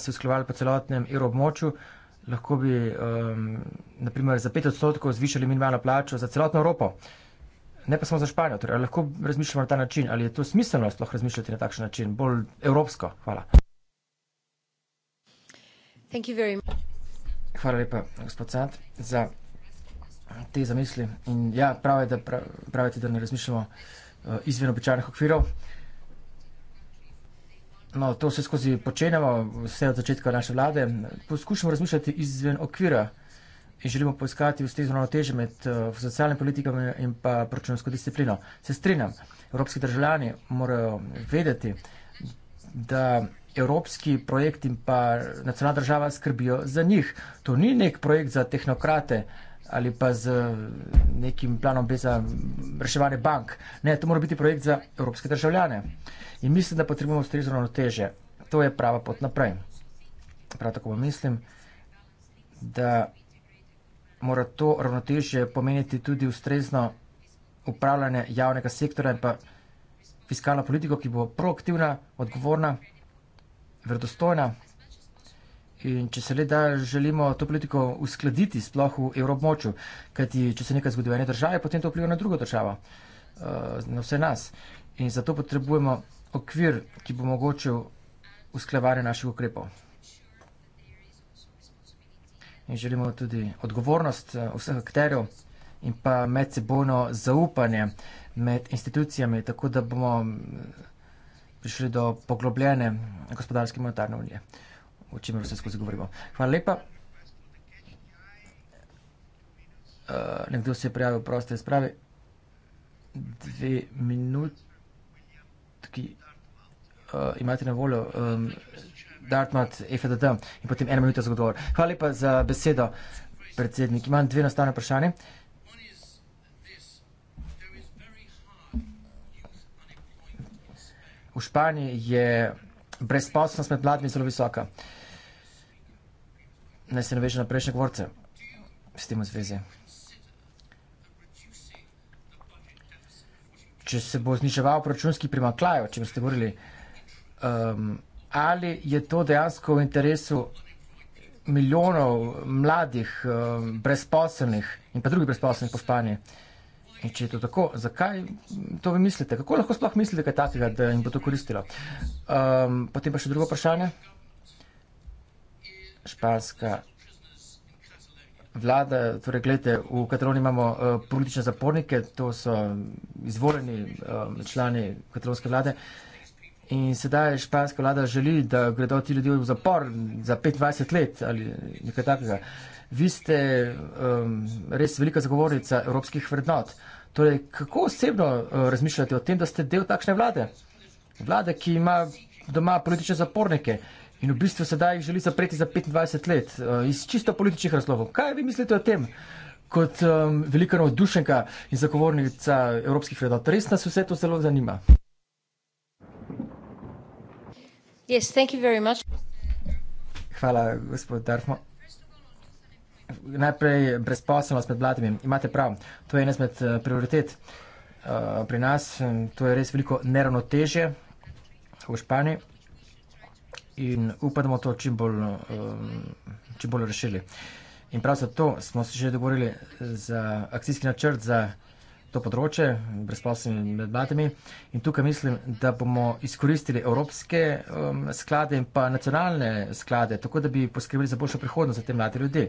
se usklovali po celotnem evroobmočju, lahko bi um, naprimer, za pet odstotkov zvišali minimalno plačo za celotno Evropo, ne pa samo za Španijo. Torej, lahko razmišljamo na ta način, ali je to smiselno sploh razmišljati na takšen način, bolj evropsko. Hvala. Hvala lepa, gospod Sant, za te zamisli. In ja, pravite, da, prav, pravite, da ne razmišljamo uh, izven običajnih okvirov. Uh, No, to vse skozi počenjamo, vse od začetka naše vlade. Poskušamo razmišljati izven okvira in želimo poiskati ustrezno ravnoteže med uh, socialnimi politikami in pa proračunsko disciplino. Se strinjam, evropski državljani morajo vedeti, da evropski projekt in pa nacionalna država skrbijo za njih. To ni nek projekt za tehnokrate, uh, ali pa z nekim planom B za reševanje bank. Ne, to mora biti projekt za evropske državljane. In mislim, da potrebujemo ustrezno ravnoteže. To je prava pot naprej. Prav tako pa mislim, da mora to ravnoteže pomeniti tudi ustrezno upravljanje javnega sektora in pa fiskalno politiko, ki bo proaktivna, odgovorna, verodostojna. In če se le da želimo to politiko uskladiti sploh v evrobmočju, kajti če se nekaj zgodi v eni državi, potem to vpliva na drugo državo, eh, na vse nas. In zato potrebujemo okvir, ki bo mogočil usklevanje naših ukrepov. In želimo tudi odgovornost eh, vseh akterjev in pa medsebojno zaupanje med institucijami, tako da bomo eh, prišli do poglobljene gospodarske in monetarne unije o čemer vse skozi govorimo. Hvala lepa. Uh, nekdo se je prijavil proste sprave. Dve minutki uh, imate na voljo. Um, Dartmouth, FDD in potem ena minuta za odgovor. Hvala lepa za besedo, predsednik. Imam dve nastavne vprašanje. V Španiji je brezposobnost med mladimi zelo visoka. Uh, naj se naveže na prejšnje govorce s tem v zvezi. Če se bo zniževal proračunski primaklaj, o čem ste govorili, um, ali je to dejansko v interesu milijonov mladih um, brezposelnih in pa drugih brezposelnih po Španiji? In če je to tako, zakaj to vi mislite? Kako lahko sploh mislite, kaj takega, da jim bo to koristilo? Um, potem pa še drugo vprašanje španska vlada, torej gledajte, v Kataloniji imamo uh, politične zapornike, to so izvoljeni um, člani katalonske vlade in sedaj španska vlada želi, da gredo ti ljudje v zapor za 25 let ali nekaj takega. Vi ste um, res velika zagovornica evropskih vrednot. Torej, kako osebno uh, razmišljate o tem, da ste del takšne vlade? Vlade, ki ima doma politične zapornike In v bistvu sedaj jih želi zapreti za 25 let, uh, iz čisto političnih razlogov. Kaj vi mislite o tem? Kot um, velika navdušenka in zagovornica evropskih vredov, res nas vse to zelo zanima. Yes, Hvala, gospod Darfmo. Najprej brezposelnost med mladimi. Imate prav, to je ena izmed eh, prioritet uh, pri nas. To je res veliko neravnotežje v Španiji in upamo to čim bolj, eh, čim bolj rešili. In prav zato smo se že dogovorili za akcijski načrt za to področje, brezposobni med mladimi. In tukaj mislim, da bomo izkoristili evropske um, sklade in pa nacionalne sklade, tako da bi poskrbeli za boljšo prihodnost za te mlade ljudi.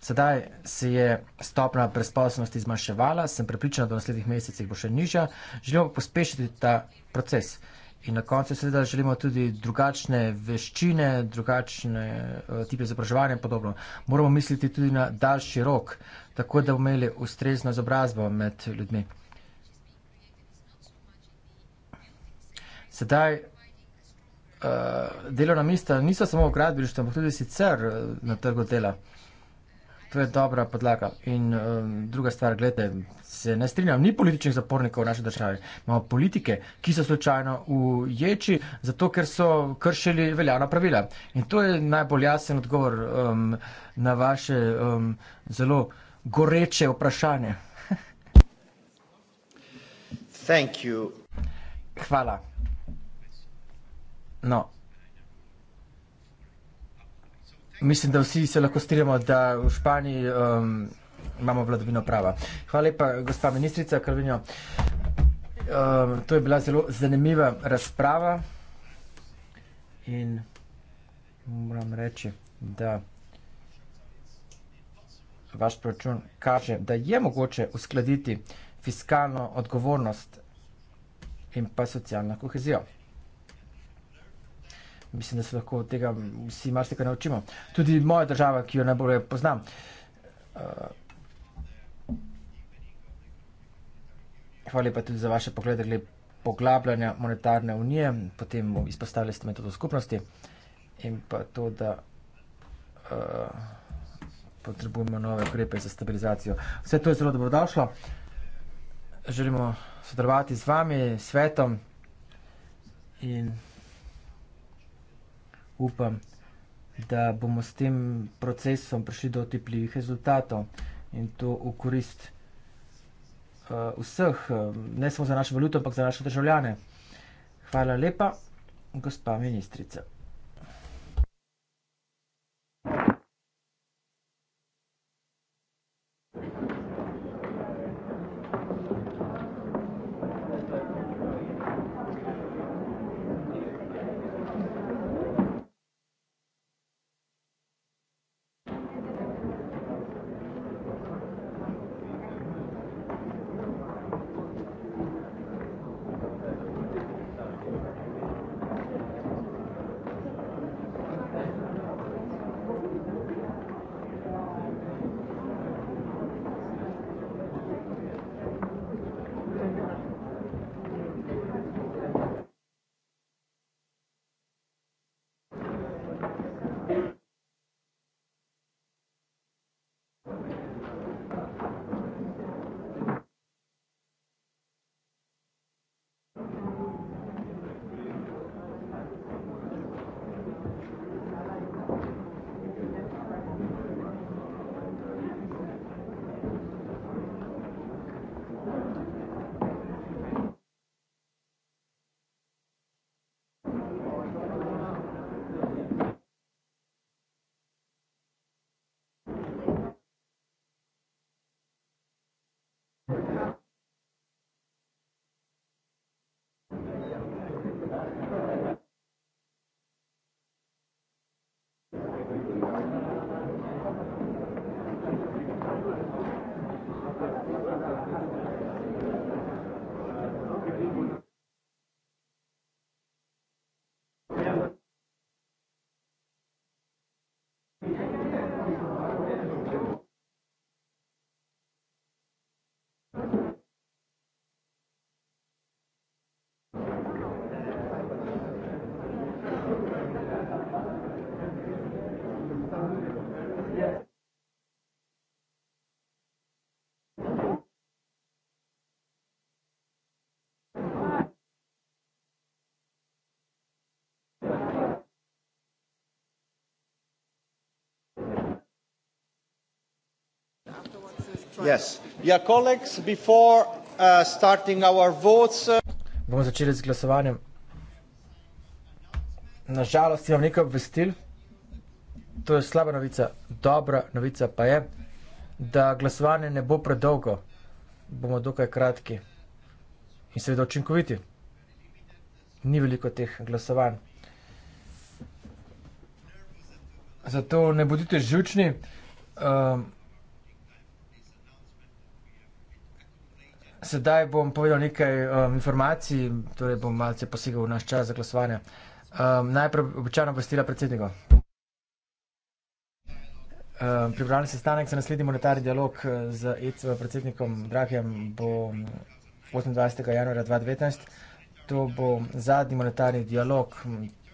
Sedaj se je stopna brezposobnosti zmanjševala, sem prepričana, da v naslednjih mesecih bo še nižja. Želimo pospešiti ta proces. Uh, In na koncu seveda želimo tudi drugačne veščine, drugačne eh, tipe izobraževanja in podobno. Moramo misliti tudi na daljši rok, tako da bomo imeli ustrezno izobrazbo med ljudmi. Sedaj, eh, delovna mesta niso samo v gradbištvu, ampak tudi sicer eh, na trgu dela. To je dobra podlaga. In um, druga stvar, gledajte, se ne strinjam, ni političnih zapornikov v naši državi. Imamo politike, ki so slučajno uječi, zato ker so kršili veljavna pravila. In to je najbolj jasen odgovor um, na vaše um, zelo goreče vprašanje. Hvala. No. Mislim, da vsi se lahko strinjamo, da v Španiji um, imamo vladavino prava. Hvala lepa, gospa ministrica Krvinjo. Um, to je bila zelo zanimiva razprava in moram reči, da vaš proračun kaže, da je mogoče uskladiti fiskalno odgovornost in pa socialno kohezijo mislim, da se lahko od tega vsi marsikaj naučimo. Tudi moja država, ki jo najbolje poznam. Eh, hvala lepa tudi za vaše poglede glede poglabljanja monetarne unije, potem izpostavili ste metodo skupnosti in pa to, da eh, potrebujemo nove ukrepe za stabilizacijo. Vse to je zelo dobrodošlo. Želimo sodelovati z vami, svetom in vsega upam, da bomo s tem procesom prišli do otepljivih rezultatov in to v korist uh, vseh, eh, ne samo za našo valuto, ampak za naše državljane. Hvala lepa, gospa ministrica.
Yes. Yeah, colleagues, before uh, starting our votes.
Uh, Bomo začeli z glasovanjem. Nažalost, imam nekaj obvestil. To je slaba novica. Dobra novica pa je, da glasovanje ne bo predolgo. Bomo dokaj kratki in seveda učinkoviti. Ni veliko teh glasovanj. Zato ne bodite žučni. Um, Sedaj bom povedal nekaj um, informacij, torej bom malce posegel v naš čas za glasovanje. Um, najprej običajno obvestila predsednika. Um, Pripravljen sestanek za naslednji monetarni dialog uh, z ECB predsednikom Drahjem bo 28. januarja 2019. To bo zadnji monetarni dialog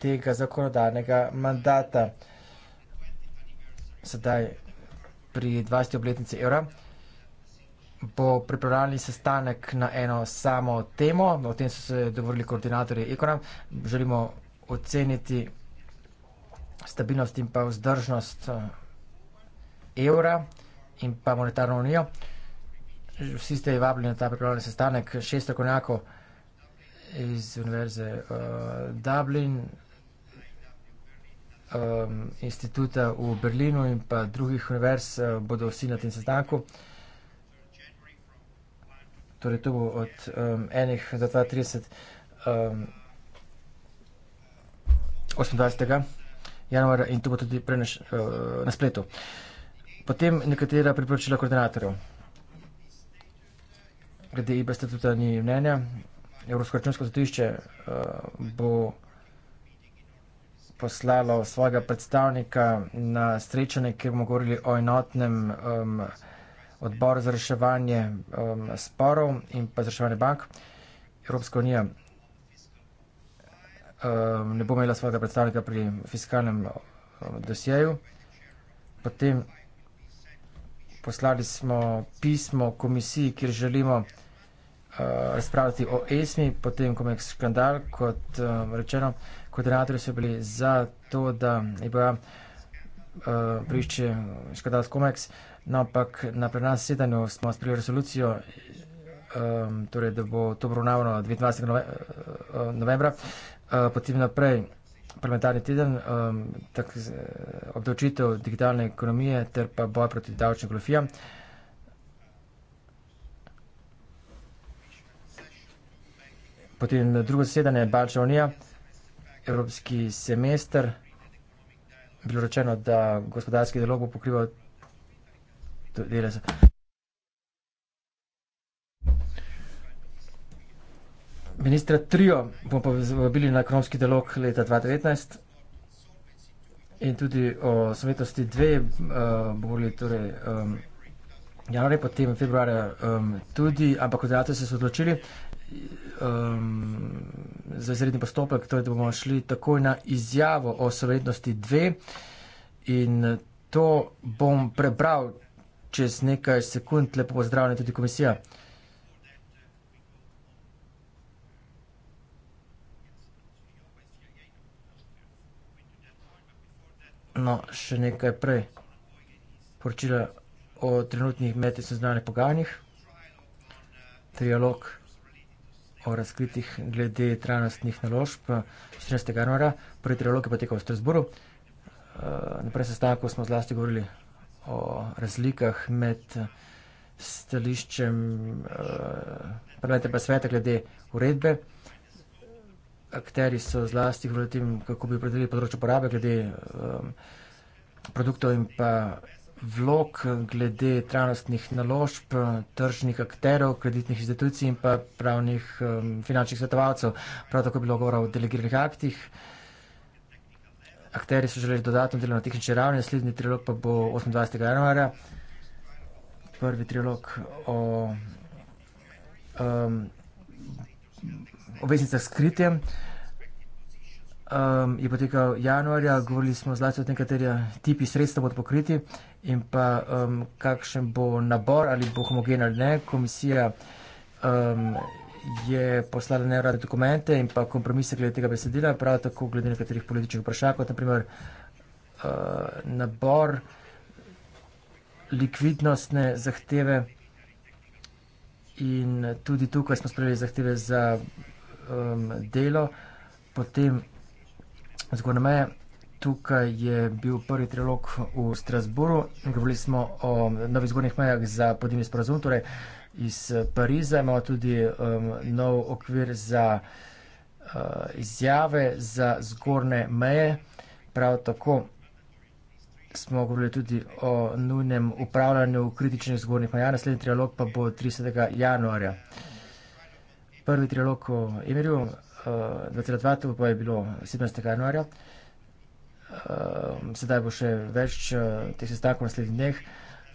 tega zakonodarnega mandata, sedaj pri 20. obletnici evra bo pripravljali sestanek na eno samo temo, o tem so se dovolili koordinatorji Ekonom. Želimo oceniti stabilnost in pa vzdržnost eh, evra in pa monetarno unijo. Vsi ste vabili na ta pripravljen sestanek, šest strokovnjakov iz Univerze uh, Dublin, um, instituta v Berlinu in pa drugih univerz uh, bodo vsi na tem sestanku. Uh, torej tu od um, enih do 32, um, 28. januarja in tu bo tudi prenaš uh, na spletu. Potem nekatera priporočila koordinatorjev. Glede IBA statuta ni mnenja. Evropsko računsko sodišče uh, bo poslalo svojega predstavnika na srečanje, kjer bomo govorili o enotnem um, odbor za reševanje um, sporov in pa za reševanje bank. Evropska unija um, ne bo imela svojega predstavnika pri fiskalnem um, dosjeju. Potem poslali smo pismo komisiji, kjer želimo uh, razpravljati o ESMI, potem ko je skandal, kot um, rečeno, koordinatorji so bili za to, da je bila uh, prišče skandal s komeks. No, ampak na prenas sedanju smo sprejeli resolucijo, um, torej, da bo to obravnavano 29. Uh, novembra, uh, potem naprej parlamentarni teden, um, tak, uh, obdavčitev digitalne ekonomije ter pa boj proti davčnim glofijam. Potem drugo sedanje, Balčna unija, evropski semester. Bilo rečeno, da gospodarski dialog bo pokrival dela se. Ministra Trio bomo pa vabili na ekonomski dialog leta 2019 in tudi o smetnosti dve uh, bomo govorili torej um, januarja, potem februarja um, tudi, ampak od se so odločili um, za izredni postopek, to torej, je, da bomo šli takoj na izjavo o smetnosti dve in to bom prebral čez nekaj sekund lepo pozdravljena tudi komisija. No, še nekaj prej. Poročila o trenutnih medijskih znanih pogajanjih. Trialog o razkritih glede trajnostnih naložb 14. januarja. Prvi trialog je potekal v Strasburu. Uh, eh, na prej sestanku smo zlasti govorili o razlikah med eh, stališčem uh, parlamenta pa sveta glede uredbe. Akteri so zlasti govorili o tem, kako bi opredelili področje porabe glede um, produktov in pa vlog glede trajnostnih naložb, tržnih akterov, kreditnih institucij in pa pravnih um, finančnih svetovalcev. Prav tako je bilo govora o delegiranih aktih. Uh, akteri so želeli dodatno delo na tehnični ravni, naslednji trilog pa bo 28. januarja, prvi trilog o um, obveznicah skritjem. Um, je potekal januarja, govorili smo zlasti o tem, kateri tipi sredstva bodo pokriti in pa um, kakšen bo nabor, ali bo homogen ali ne. Komisija um, je poslala neuradne dokumente in pa kompromise glede tega besedila, prav tako glede nekaterih političnih vprašanj, kot naprimer uh, eh, nabor likvidnostne zahteve in tudi tukaj smo sprejeli zahteve za um, delo, potem zgorne meje. Tukaj je bil prvi trilog v Strasburu, govorili smo o novih zgornjih mejah za podnebni sporazum, torej iz eh, Pariza, imamo tudi um, nov okvir za uh, izjave za zgorne meje. Prav tako smo govorili tudi o nujnem upravljanju kritičnih zgornjih meja. Naslednji trialog pa bo 30. januarja. Prvi trialog o Emirju, uh, eh, 2.2. pa je bilo 17. januarja. Uh, sedaj bo še več uh, teh sestankov naslednjih dneh.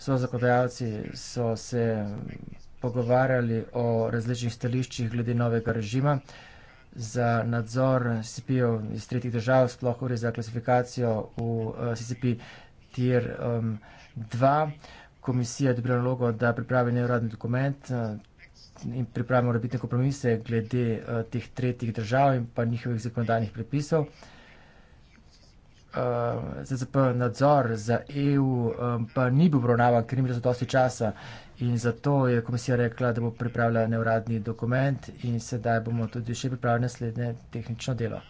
So zakonodajalci, so se pogovarjali o različnih stališčih glede novega režima za nadzor CCP-ov iz tretjih držav, sploh gre za klasifikacijo v CCP eh, tier 2. Komisija je dobila nalogo, da pripravi neuradni dokument eh, in pripravi morebitne kompromise glede eh, teh tretjih držav in pa njihovih zakonodajnih predpisov. ZCP nadzor za EU pa ni bil obravnavan, ker ni bilo za dosti časa In zato je komisija rekla, da bo pripravila neuradni dokument in sedaj bomo tudi še pripravili naslednje tehnično delo.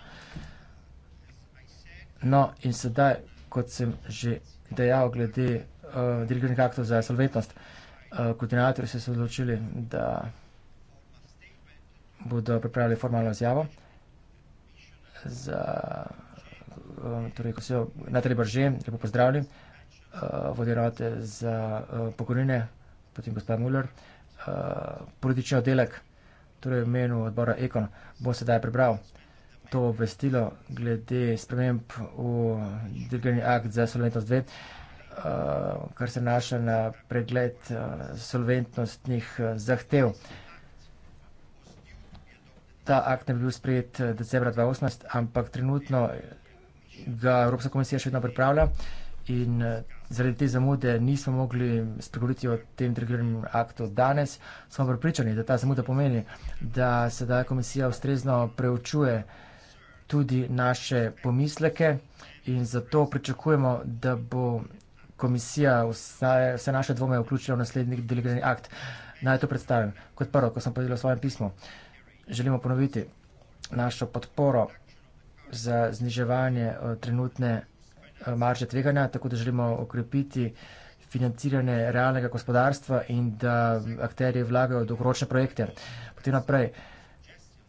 No, in sedaj, kot sem že dejal, glede uh, dirigiranih aktov za solventnost, uh, koordinatorji so se odločili, da bodo pripravili formalno izjavo za uh, torej, komisijo na Trebržem, lepo pozdravljam, uh, vodirate za uh, pokorine potem gospod Muller, uh, politični oddelek, torej v imenu odbora Ekon, bo sedaj prebral to obvestilo glede sprememb v delgeni akt za solventnost 2, uh, eh, kar se naša na pregled uh, solventnostnih uh, zahtev. Ta akt ne bi bil sprejet decembra 2018, ampak trenutno ga Evropska komisija še vedno pripravlja. Uh, in eh, zaradi te zamude nismo mogli spregovoriti o tem delegiranem aktu danes. Smo pripričani, da ta zamuda pomeni, da sedaj komisija ustrezno preučuje tudi naše pomisleke in zato pričakujemo, da bo komisija vse, vse naše dvome vključila v naslednji delegirani akt. Naj to predstavim. Kot prvo, ko sem povedal v svojem pismu, želimo ponoviti našo podporo za zniževanje eh, trenutne Eh, marže tveganja, tako da želimo okrepiti financiranje realnega gospodarstva in da akterje vlagajo v dolgoročne projekte. Potem naprej,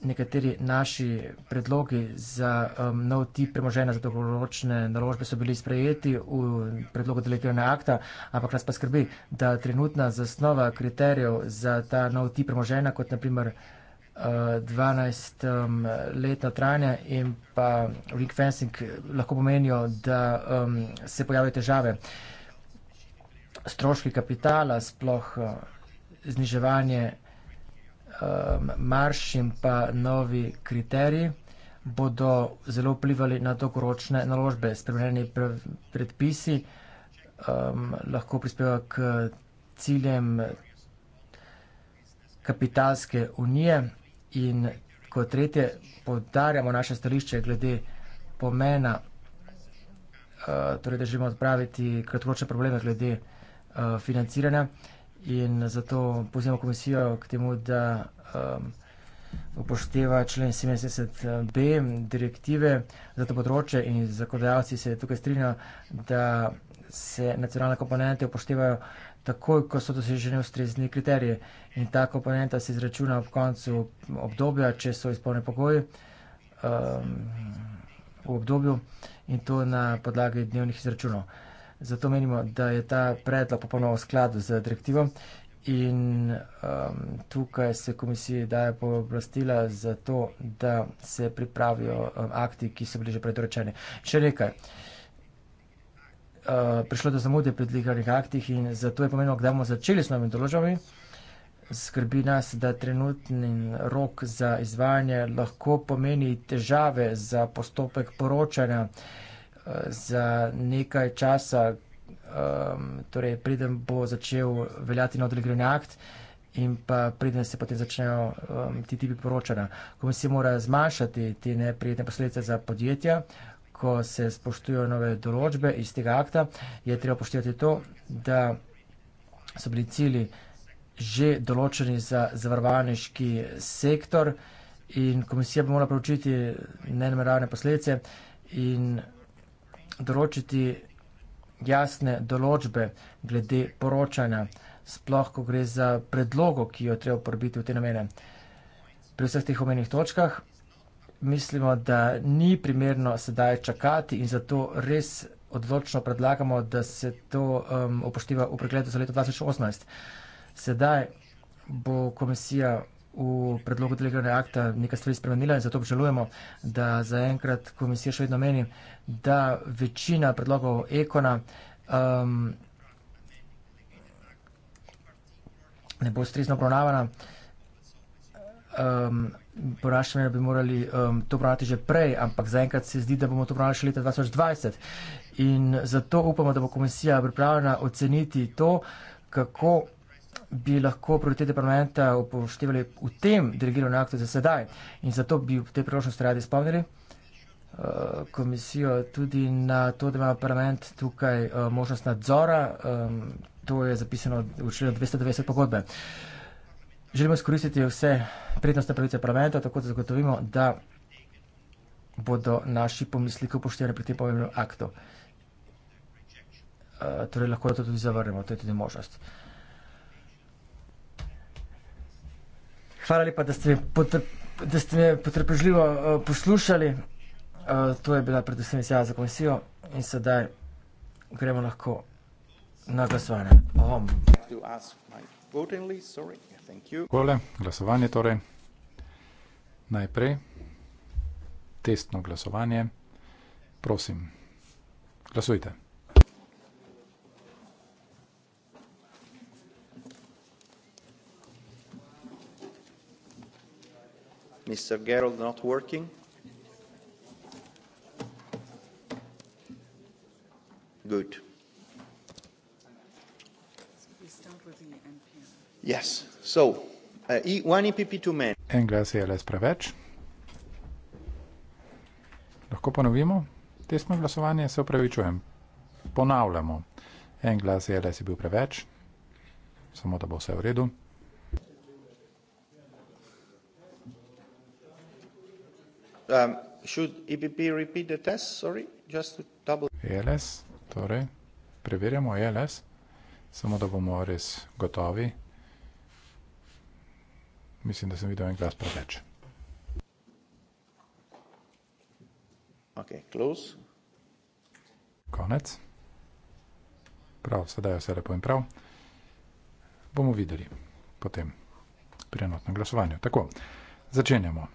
nekateri naši predlogi za um, nov tip premoženja za dolgoročne naložbe so bili sprejeti v predlogu delegirane akta, ampak nas pa skrbi, da trenutna zasnova kriterijev za ta nov tip premoženja, kot naprimer 12 um, leta trajanja in pa ring fencing lahko pomenijo, da um, se pojavljajo težave. Stroški kapitala, sploh uh, zniževanje um, marš in pa novi kriteriji bodo zelo vplivali na dolgoročne naložbe. Spremenjeni predpisi um, lahko prispeva k ciljem kapitalske unije. In kot tretje, podarjamo naše stališče glede pomena, eh, torej da želimo odpraviti kratkoročne probleme glede eh, financiranja in zato pozivamo komisijo k temu, da upošteva člen 77b eh, direktive za to področje in zakonodajalci se tukaj strinjajo, da se nacionalne komponente upoštevajo takoj, ko so dosežene ustrezni kriterije. In ta komponenta se izračuna ob koncu obdobja, če so izpolnjeni pogoji um, v obdobju in to na podlagi dnevnih izračunov. Zato menimo, da je ta predlog popolnoma v skladu z direktivom in um, tukaj se komisiji daje pooblastila za to, da se pripravijo um, akti, ki so bili že predoročeni. Še nekaj. Uh, Eh, prišlo do zamude pri legalnih aktih in zato je pomenilo, da bomo začeli s novimi določbami. Skrbi nas, da trenutni rok za izvajanje lahko pomeni težave za postopek poročanja eh, za nekaj časa, ehm, torej preden bo začel veljati nov delegirani akt in pa preden se potem začnejo ehm, ti tipi poročanja. Komisija mora zmanjšati te neprijetne posledice za podjetja, ko se spoštujejo nove določbe iz tega akta, je treba poštevati to, da so bili cilji že določeni za zavarovalniški sektor in komisija bi morala preučiti nenameravne posledice in določiti jasne določbe glede poročanja, sploh ko gre za predlogo, ki jo treba uporabiti v te namene. Pri vseh teh omenjenih točkah mislimo, da ni primerno sedaj čakati in zato res odločno predlagamo, da se to um, upošteva v pregledu za leto 2018. Sedaj bo komisija v predlogu delegiranega akta nekaj stvari spremenila in zato obžalujemo, da zaenkrat komisija še vedno meni, da večina predlogov ekona um, ne bo strizno obravnavana. Uh, um, ehm, vprašanje bi morali um, to vrati že prej, ampak zaenkrat se zdi, da bomo to vrati še leta 2020. In zato upamo, da bo komisija pripravljena oceniti to, kako bi lahko prioritete parlamenta upoštevali v tem delegiranem aktu za sedaj. In zato bi v tej priložnosti radi spomnili eh, komisijo tudi na to, da ima parlament tukaj uh, možnost nadzora. Um, to je zapisano v členu 290 pogodbe. Uh, želimo izkoristiti vse prednostne pravice parlamenta, tako da zagotovimo, da bodo naši pomisliki upoštevani pri tem pomembnem aktu. Eh, torej, lahko to tudi zavrnemo, to je tudi možnost. Hvala lepa, da ste me, potrp, da ste me potrpežljivo eh, poslušali. Eh, to je bila predvsem izjava za komisijo in sedaj gremo lahko na glasovanje. Oh.
Kole, glasovanje torej. Najprej testno glasovanje. Prosim, glasujte.
Mr. Gerald not working. Good.
We start with the NPM.
Yes. So, uh, one EPP too many.
En glas je le preveč. Lahko ponovimo? Testno glasovanje se upravičujem. Ponavljamo. En glas je res bil preveč, samo da bo vse v redu. Je um, e res, e torej preverjamo, je res, samo da bomo res gotovi. Mislim, da sem videl en glas preveč.
Ok, close.
Konec. Prav, sedaj je vse lepo in prav. Bomo videli potem pri enotnem glasovanju. Tako, začenjamo.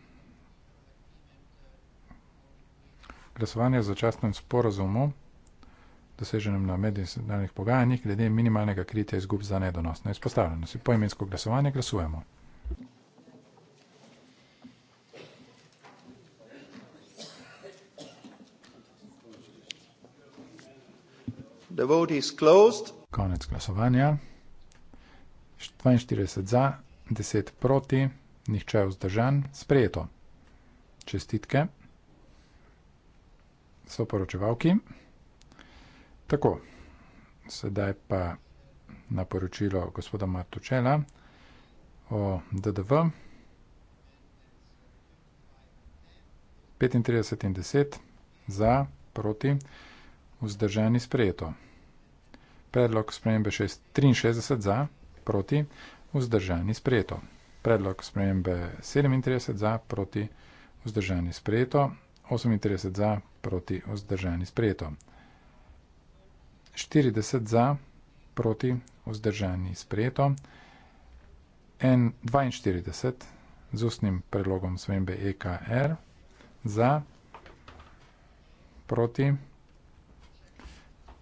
Glasovanje za častnem sporozumu, doseženem na medinstitucionalnih pogajanjih, glede minimalnega kritja izgub za nedonosno izpostavljenost. Poimensko glasovanje glasujemo. Konec glasovanja. 42 za, 10 proti, nihče vzdržan, sprejeto. Čestitke so poročevalki. Tako, sedaj pa na poročilo gospoda Matučela o DDV. 35 in 10 za, proti vzdržani sprejeto. Predlog spremembe 63 za, proti, vzdržani sprejeto. Predlog spremembe 37 za, proti, vzdržani sprejeto. 38 za, proti, vzdržani sprejeto. 40 za, proti, vzdržani sprejeto. 42 z ustnim predlogom spremembe EKR za, proti, vzdržani sprejeto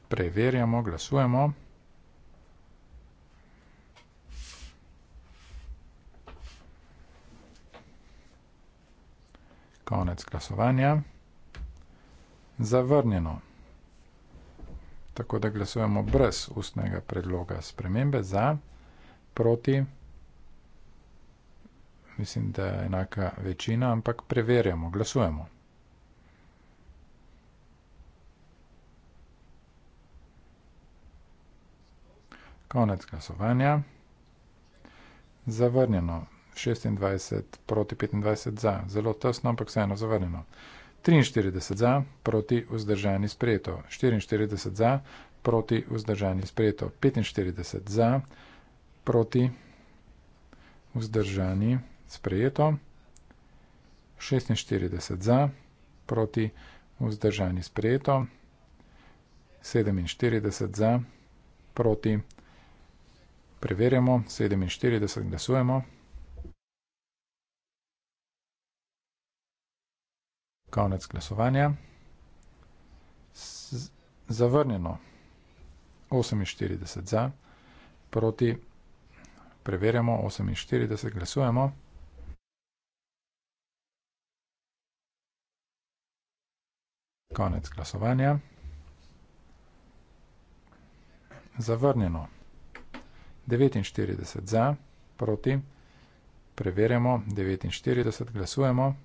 preverjamo, glasujemo. Konec glasovanja. Zavrnjeno. Tako da glasujemo brez ustnega predloga spremembe za, proti. Mislim, da je enaka večina, ampak preverjamo, glasujemo. Konec glasovanja. Zavrnjeno. 26 proti 25 za. Zelo tesno, ampak vseeno zavrnjeno. 43 za proti vzdržani sprejeto. 44 za proti vzdržani sprejeto. 45 za proti vzdržani sprejeto. 46 za proti vzdržani sprejeto. 47 za proti vzdržani sprejeto. Preverjamo, 47 glasujemo. Konec glasovanja. Z zavrnjeno, 48 za, proti, preverjamo, 48 glasujemo. Konec glasovanja. Zavrnjeno. 49 za, proti, preverjamo, 49 glasujemo.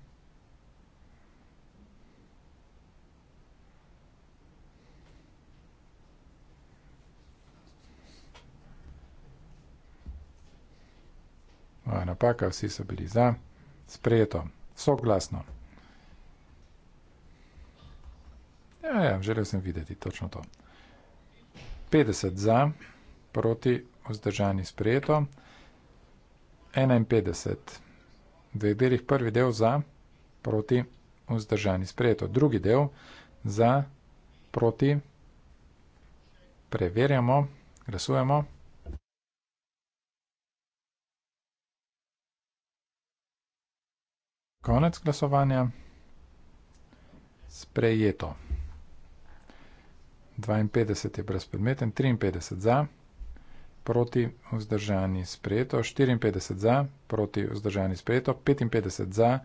Moja napaka, vsi so bili za, sprejeto, soglasno. Ja, ja, želel sem videti točno to. 50 za, proti vzdržani sprejeto. 51. Dveh delih prvi del za, proti, vzdržani sprejeto. Drugi del za, proti, preverjamo, glasujemo. Konec glasovanja. Sprejeto. 52 je brezpredmeten, 53 za proti vzdržani sprejeto, 54 za, proti vzdržani sprejeto, 55 za,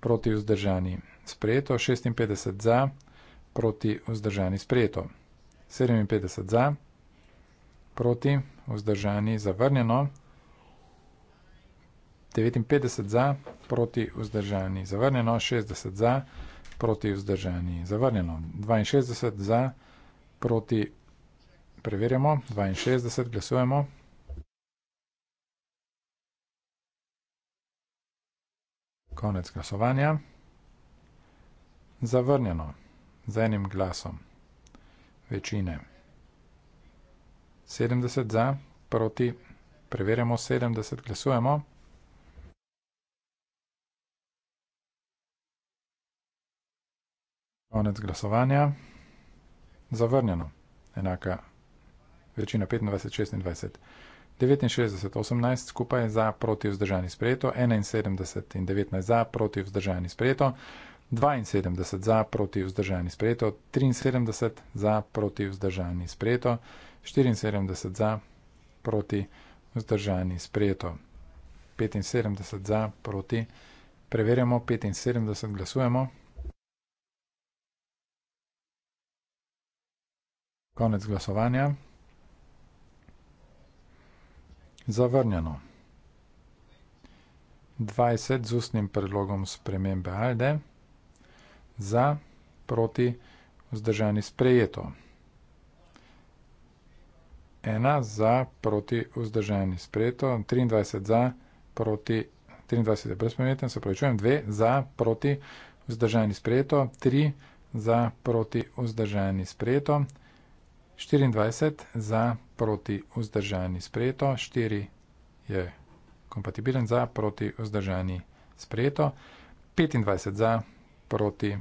proti vzdržani sprejeto, 56 za, proti vzdržani sprejeto, 57 za, proti vzdržani zavrnjeno, 59 za, proti vzdržani zavrnjeno, 60 za, proti vzdržani zavrnjeno, 62 za, proti vzdržani zavrnjeno. Preverjamo, 62 glasujemo. Konec glasovanja. Zavrnjeno z enim glasom večine. 70 za, proti, preverjamo 70, glasujemo. Konec glasovanja. Zavrnjeno. Enaka večina 25, 26, 69, 18 skupaj za proti vzdržani sprejeto, 71 in 19 za proti vzdržani sprejeto, 72 za proti vzdržani sprejeto, 73 za proti vzdržani sprejeto, 74 za proti vzdržani sprejeto, 75 za proti. Preverjamo 75, glasujemo. Konec glasovanja. Zavrnjeno. 20 z ustnim predlogom spremembe ALDE, za, proti, vzdržani sprejeto. 1 za, proti, vzdržani sprejeto, 23 za, proti, 23 je brezpomenjeten, se pravi, čujem, 2 za, proti, vzdržani sprejeto, 3 za, proti, vzdržani sprejeto, 24 za, proti vzdržani sprejeto, 4 je kompatibilen za proti vzdržani sprejeto, 25 za proti.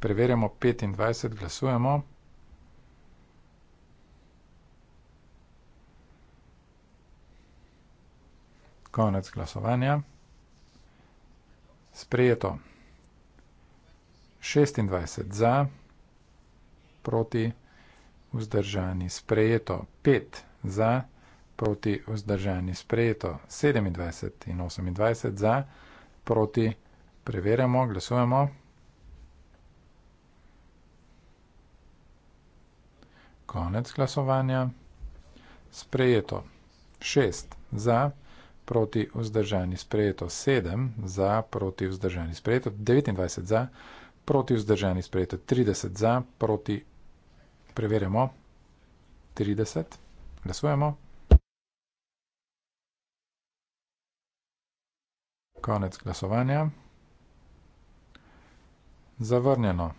Preverjamo 25, glasujemo. Konec glasovanja. Sprejeto 26 za proti vzdržani sprejeto vzdržani, sprejeto 5 za, proti vzdržani, sprejeto 27 in 28 za, proti preverjamo, glasujemo. Konec glasovanja. Sprejeto 6 za, proti vzdržani, sprejeto 7 za, proti vzdržani, sprejeto 29 za, proti vzdržani, sprejeto 30 za, proti preverjamo. 30, glasujemo. Konec glasovanja. Zavrnjeno.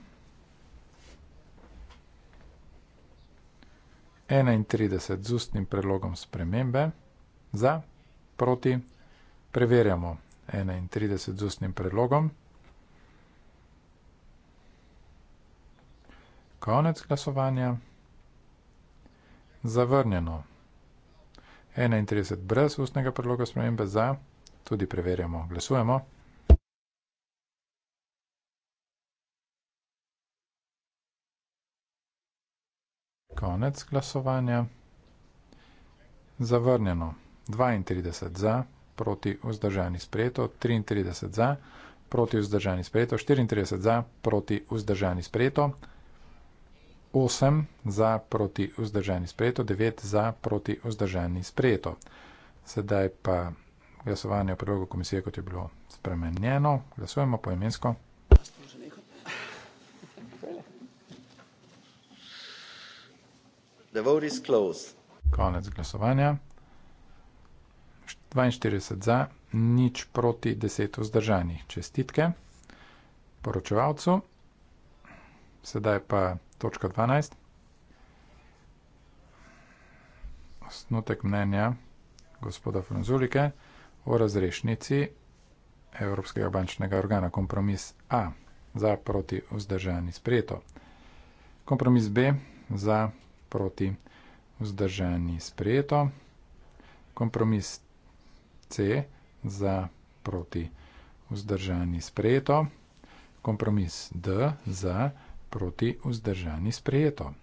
31 z ustnim predlogom spremembe. Za, proti, preverjamo. 31 z ustnim predlogom spremembe. Konec glasovanja. Zavrnjeno. 31 brez ustnega predloga spremembe za. Tudi preverjamo. Glasujemo. Konec glasovanja. Zavrnjeno. 32 za, proti vzdržani sprejeto, 33 za, proti vzdržani sprejeto, 34 za, proti vzdržani sprejeto. 8 za proti vzdržani sprejeto, 9 za proti vzdržani sprejeto. Sedaj pa glasovanje o predlogu komisije, kot je bilo spremenjeno. Glasujemo po imensko. The vote is Konec glasovanja. 42 za, nič proti 10 vzdržanih. Čestitke poročevalcu. Sedaj pa točka dvanajst. Osnutek mnenja gospoda Franzulike o razrešnici Evropskega bančnega organa. Kompromis A za proti vzdržani sprejeto. Kompromis B za proti vzdržani sprejeto. Kompromis C za proti vzdržani sprejeto. Kompromis D za proti vzdržani sprejeto proti vzdržani sprejeto.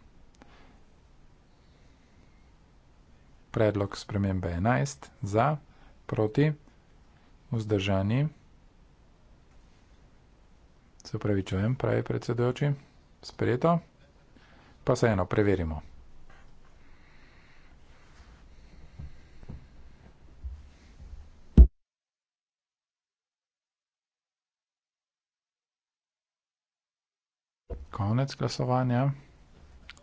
Predlog spremembe 11 za proti vzdržani se pravi, čujem, pravi predsedojoči, sprejeto, pa se eno preverimo. Konec glasovanja.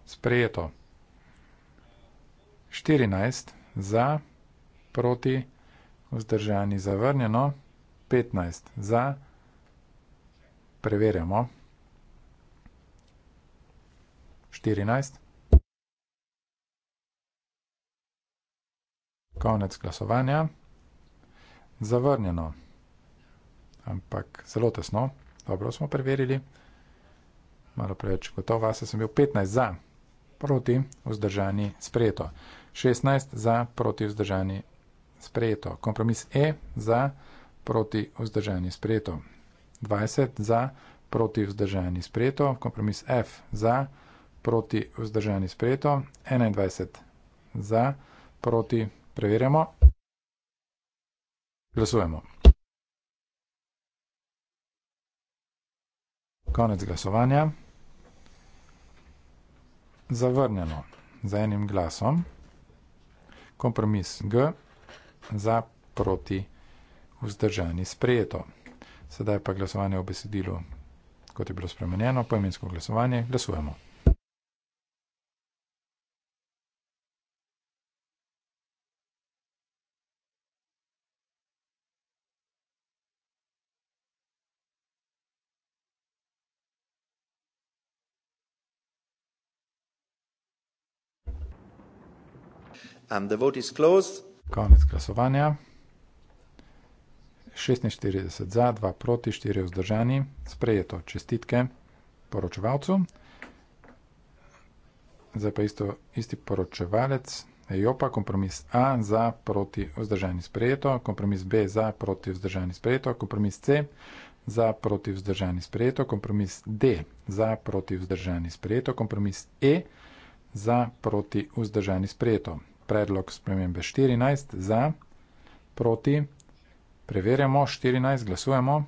Sprejeto. 14 za, proti, vzdržani, zavrnjeno. 15 za, preverjamo. 14. Konec glasovanja. Zavrnjeno. Ampak zelo tesno. Dobro smo preverili malo preveč. Gotovo vas je bil 15 za, proti, vzdržani, sprejeto. 16 za, proti, vzdržani, sprejeto. Kompromis E za, proti, vzdržani, sprejeto. 20 za, proti, vzdržani, sprejeto. Kompromis F za, proti, vzdržani, sprejeto. 21 za, proti, preverjamo. Glasujemo. Konec glasovanja zavrnjeno z enim glasom, kompromis G za proti vzdržani sprejeto. Sedaj pa glasovanje o besedilu, kot je bilo spremenjeno, poimensko glasovanje, glasujemo.
Um, the vote is closed. Konec
glasovanja. 46 za, 2 proti, 4 vzdržani. Sprejeto čestitke poročevalcu. Zdaj pa isto, isti poročevalec. Jopa, kompromis A za proti vzdržani sprejeto, kompromis B za proti vzdržani sprejeto, kompromis C za proti vzdržani sprejeto, kompromis D za proti vzdržani sprejeto, kompromis E za proti vzdržani sprejeto predlog spremembe 14 za, proti, preverjamo 14, glasujemo.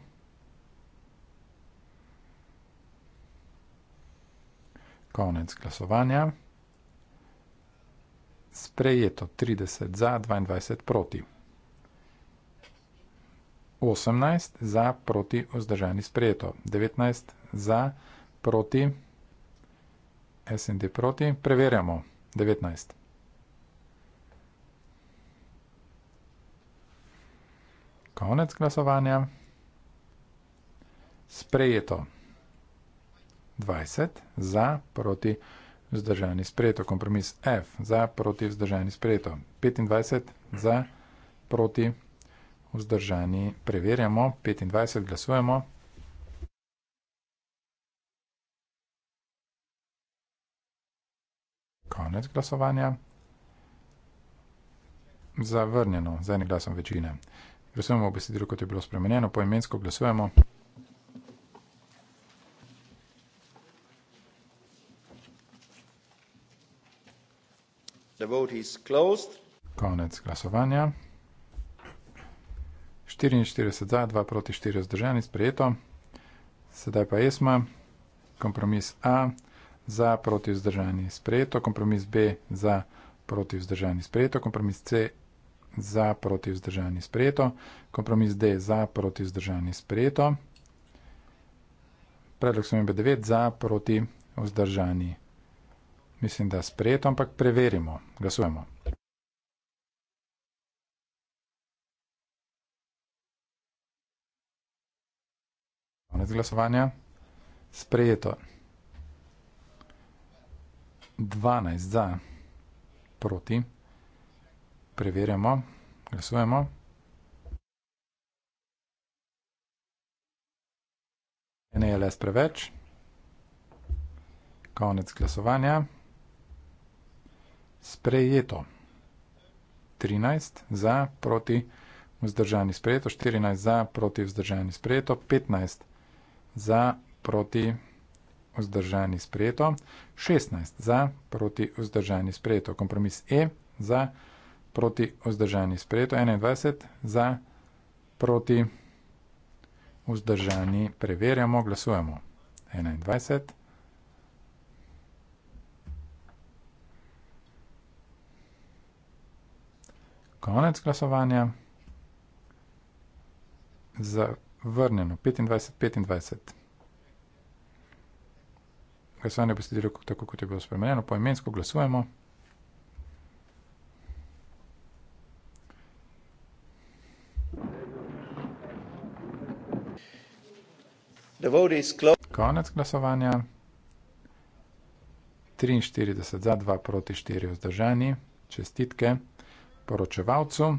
Konec glasovanja. Sprejeto 30 za, 22 proti. 18 za, proti, vzdržani sprejeto. 19 za, proti, SND proti, preverjamo. 19. Konec glasovanja. Sprejeto. 20 za proti vzdržani sprejeto. Kompromis F za proti vzdržani sprejeto. 25 za proti vzdržani. Preverjamo. 25 glasujemo. Konec glasovanja. Zavrnjeno z enim glasom večine. Glasujemo v besedilu, kot je bilo spremenjeno, poimensko glasujemo. Konec glasovanja. 44 za, 2 proti 4 zdržani, sprejeto. Sedaj pa ESMA, kompromis A, za, proti vzdržani, sprejeto. Kompromis B, za, proti vzdržani, sprejeto. Kompromis C, za proti vzdržani sprejeto, kompromis D za proti vzdržani sprejeto, predlog smembe 9 za proti vzdržani. Mislim, da sprejeto, ampak preverimo, glasujemo. Konec glasovanja, sprejeto 12 za proti vzdržani. Preverjamo, glasujemo. Ne je les preveč. Konec glasovanja. Sprejeto. 13 za, proti vzdržani sprejeto, 14 za, proti vzdržani sprejeto, 15 za, proti vzdržani sprejeto, 16 za, proti vzdržani sprejeto. Kompromis E za, proti vzdržani sprejeto proti vzdržani. Sprejeto 21 za proti vzdržani. Preverjamo, glasujemo. 21. Konec glasovanja. Zavrnjeno. 25, 25. Glasovanje bo sledilo tako, kot je bilo spremenjeno. Poimensko glasujemo. Konec glasovanja. 43 za, 2 proti 4 vzdržani. Čestitke poročevalcu.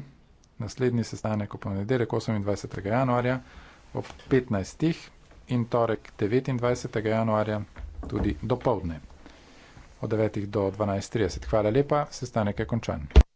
Naslednji sestanek v ponedeljek 28. januarja ob 15. in torek 29. januarja tudi do povdne. Od 9. do 12.30. Hvala lepa, sestanek je končan.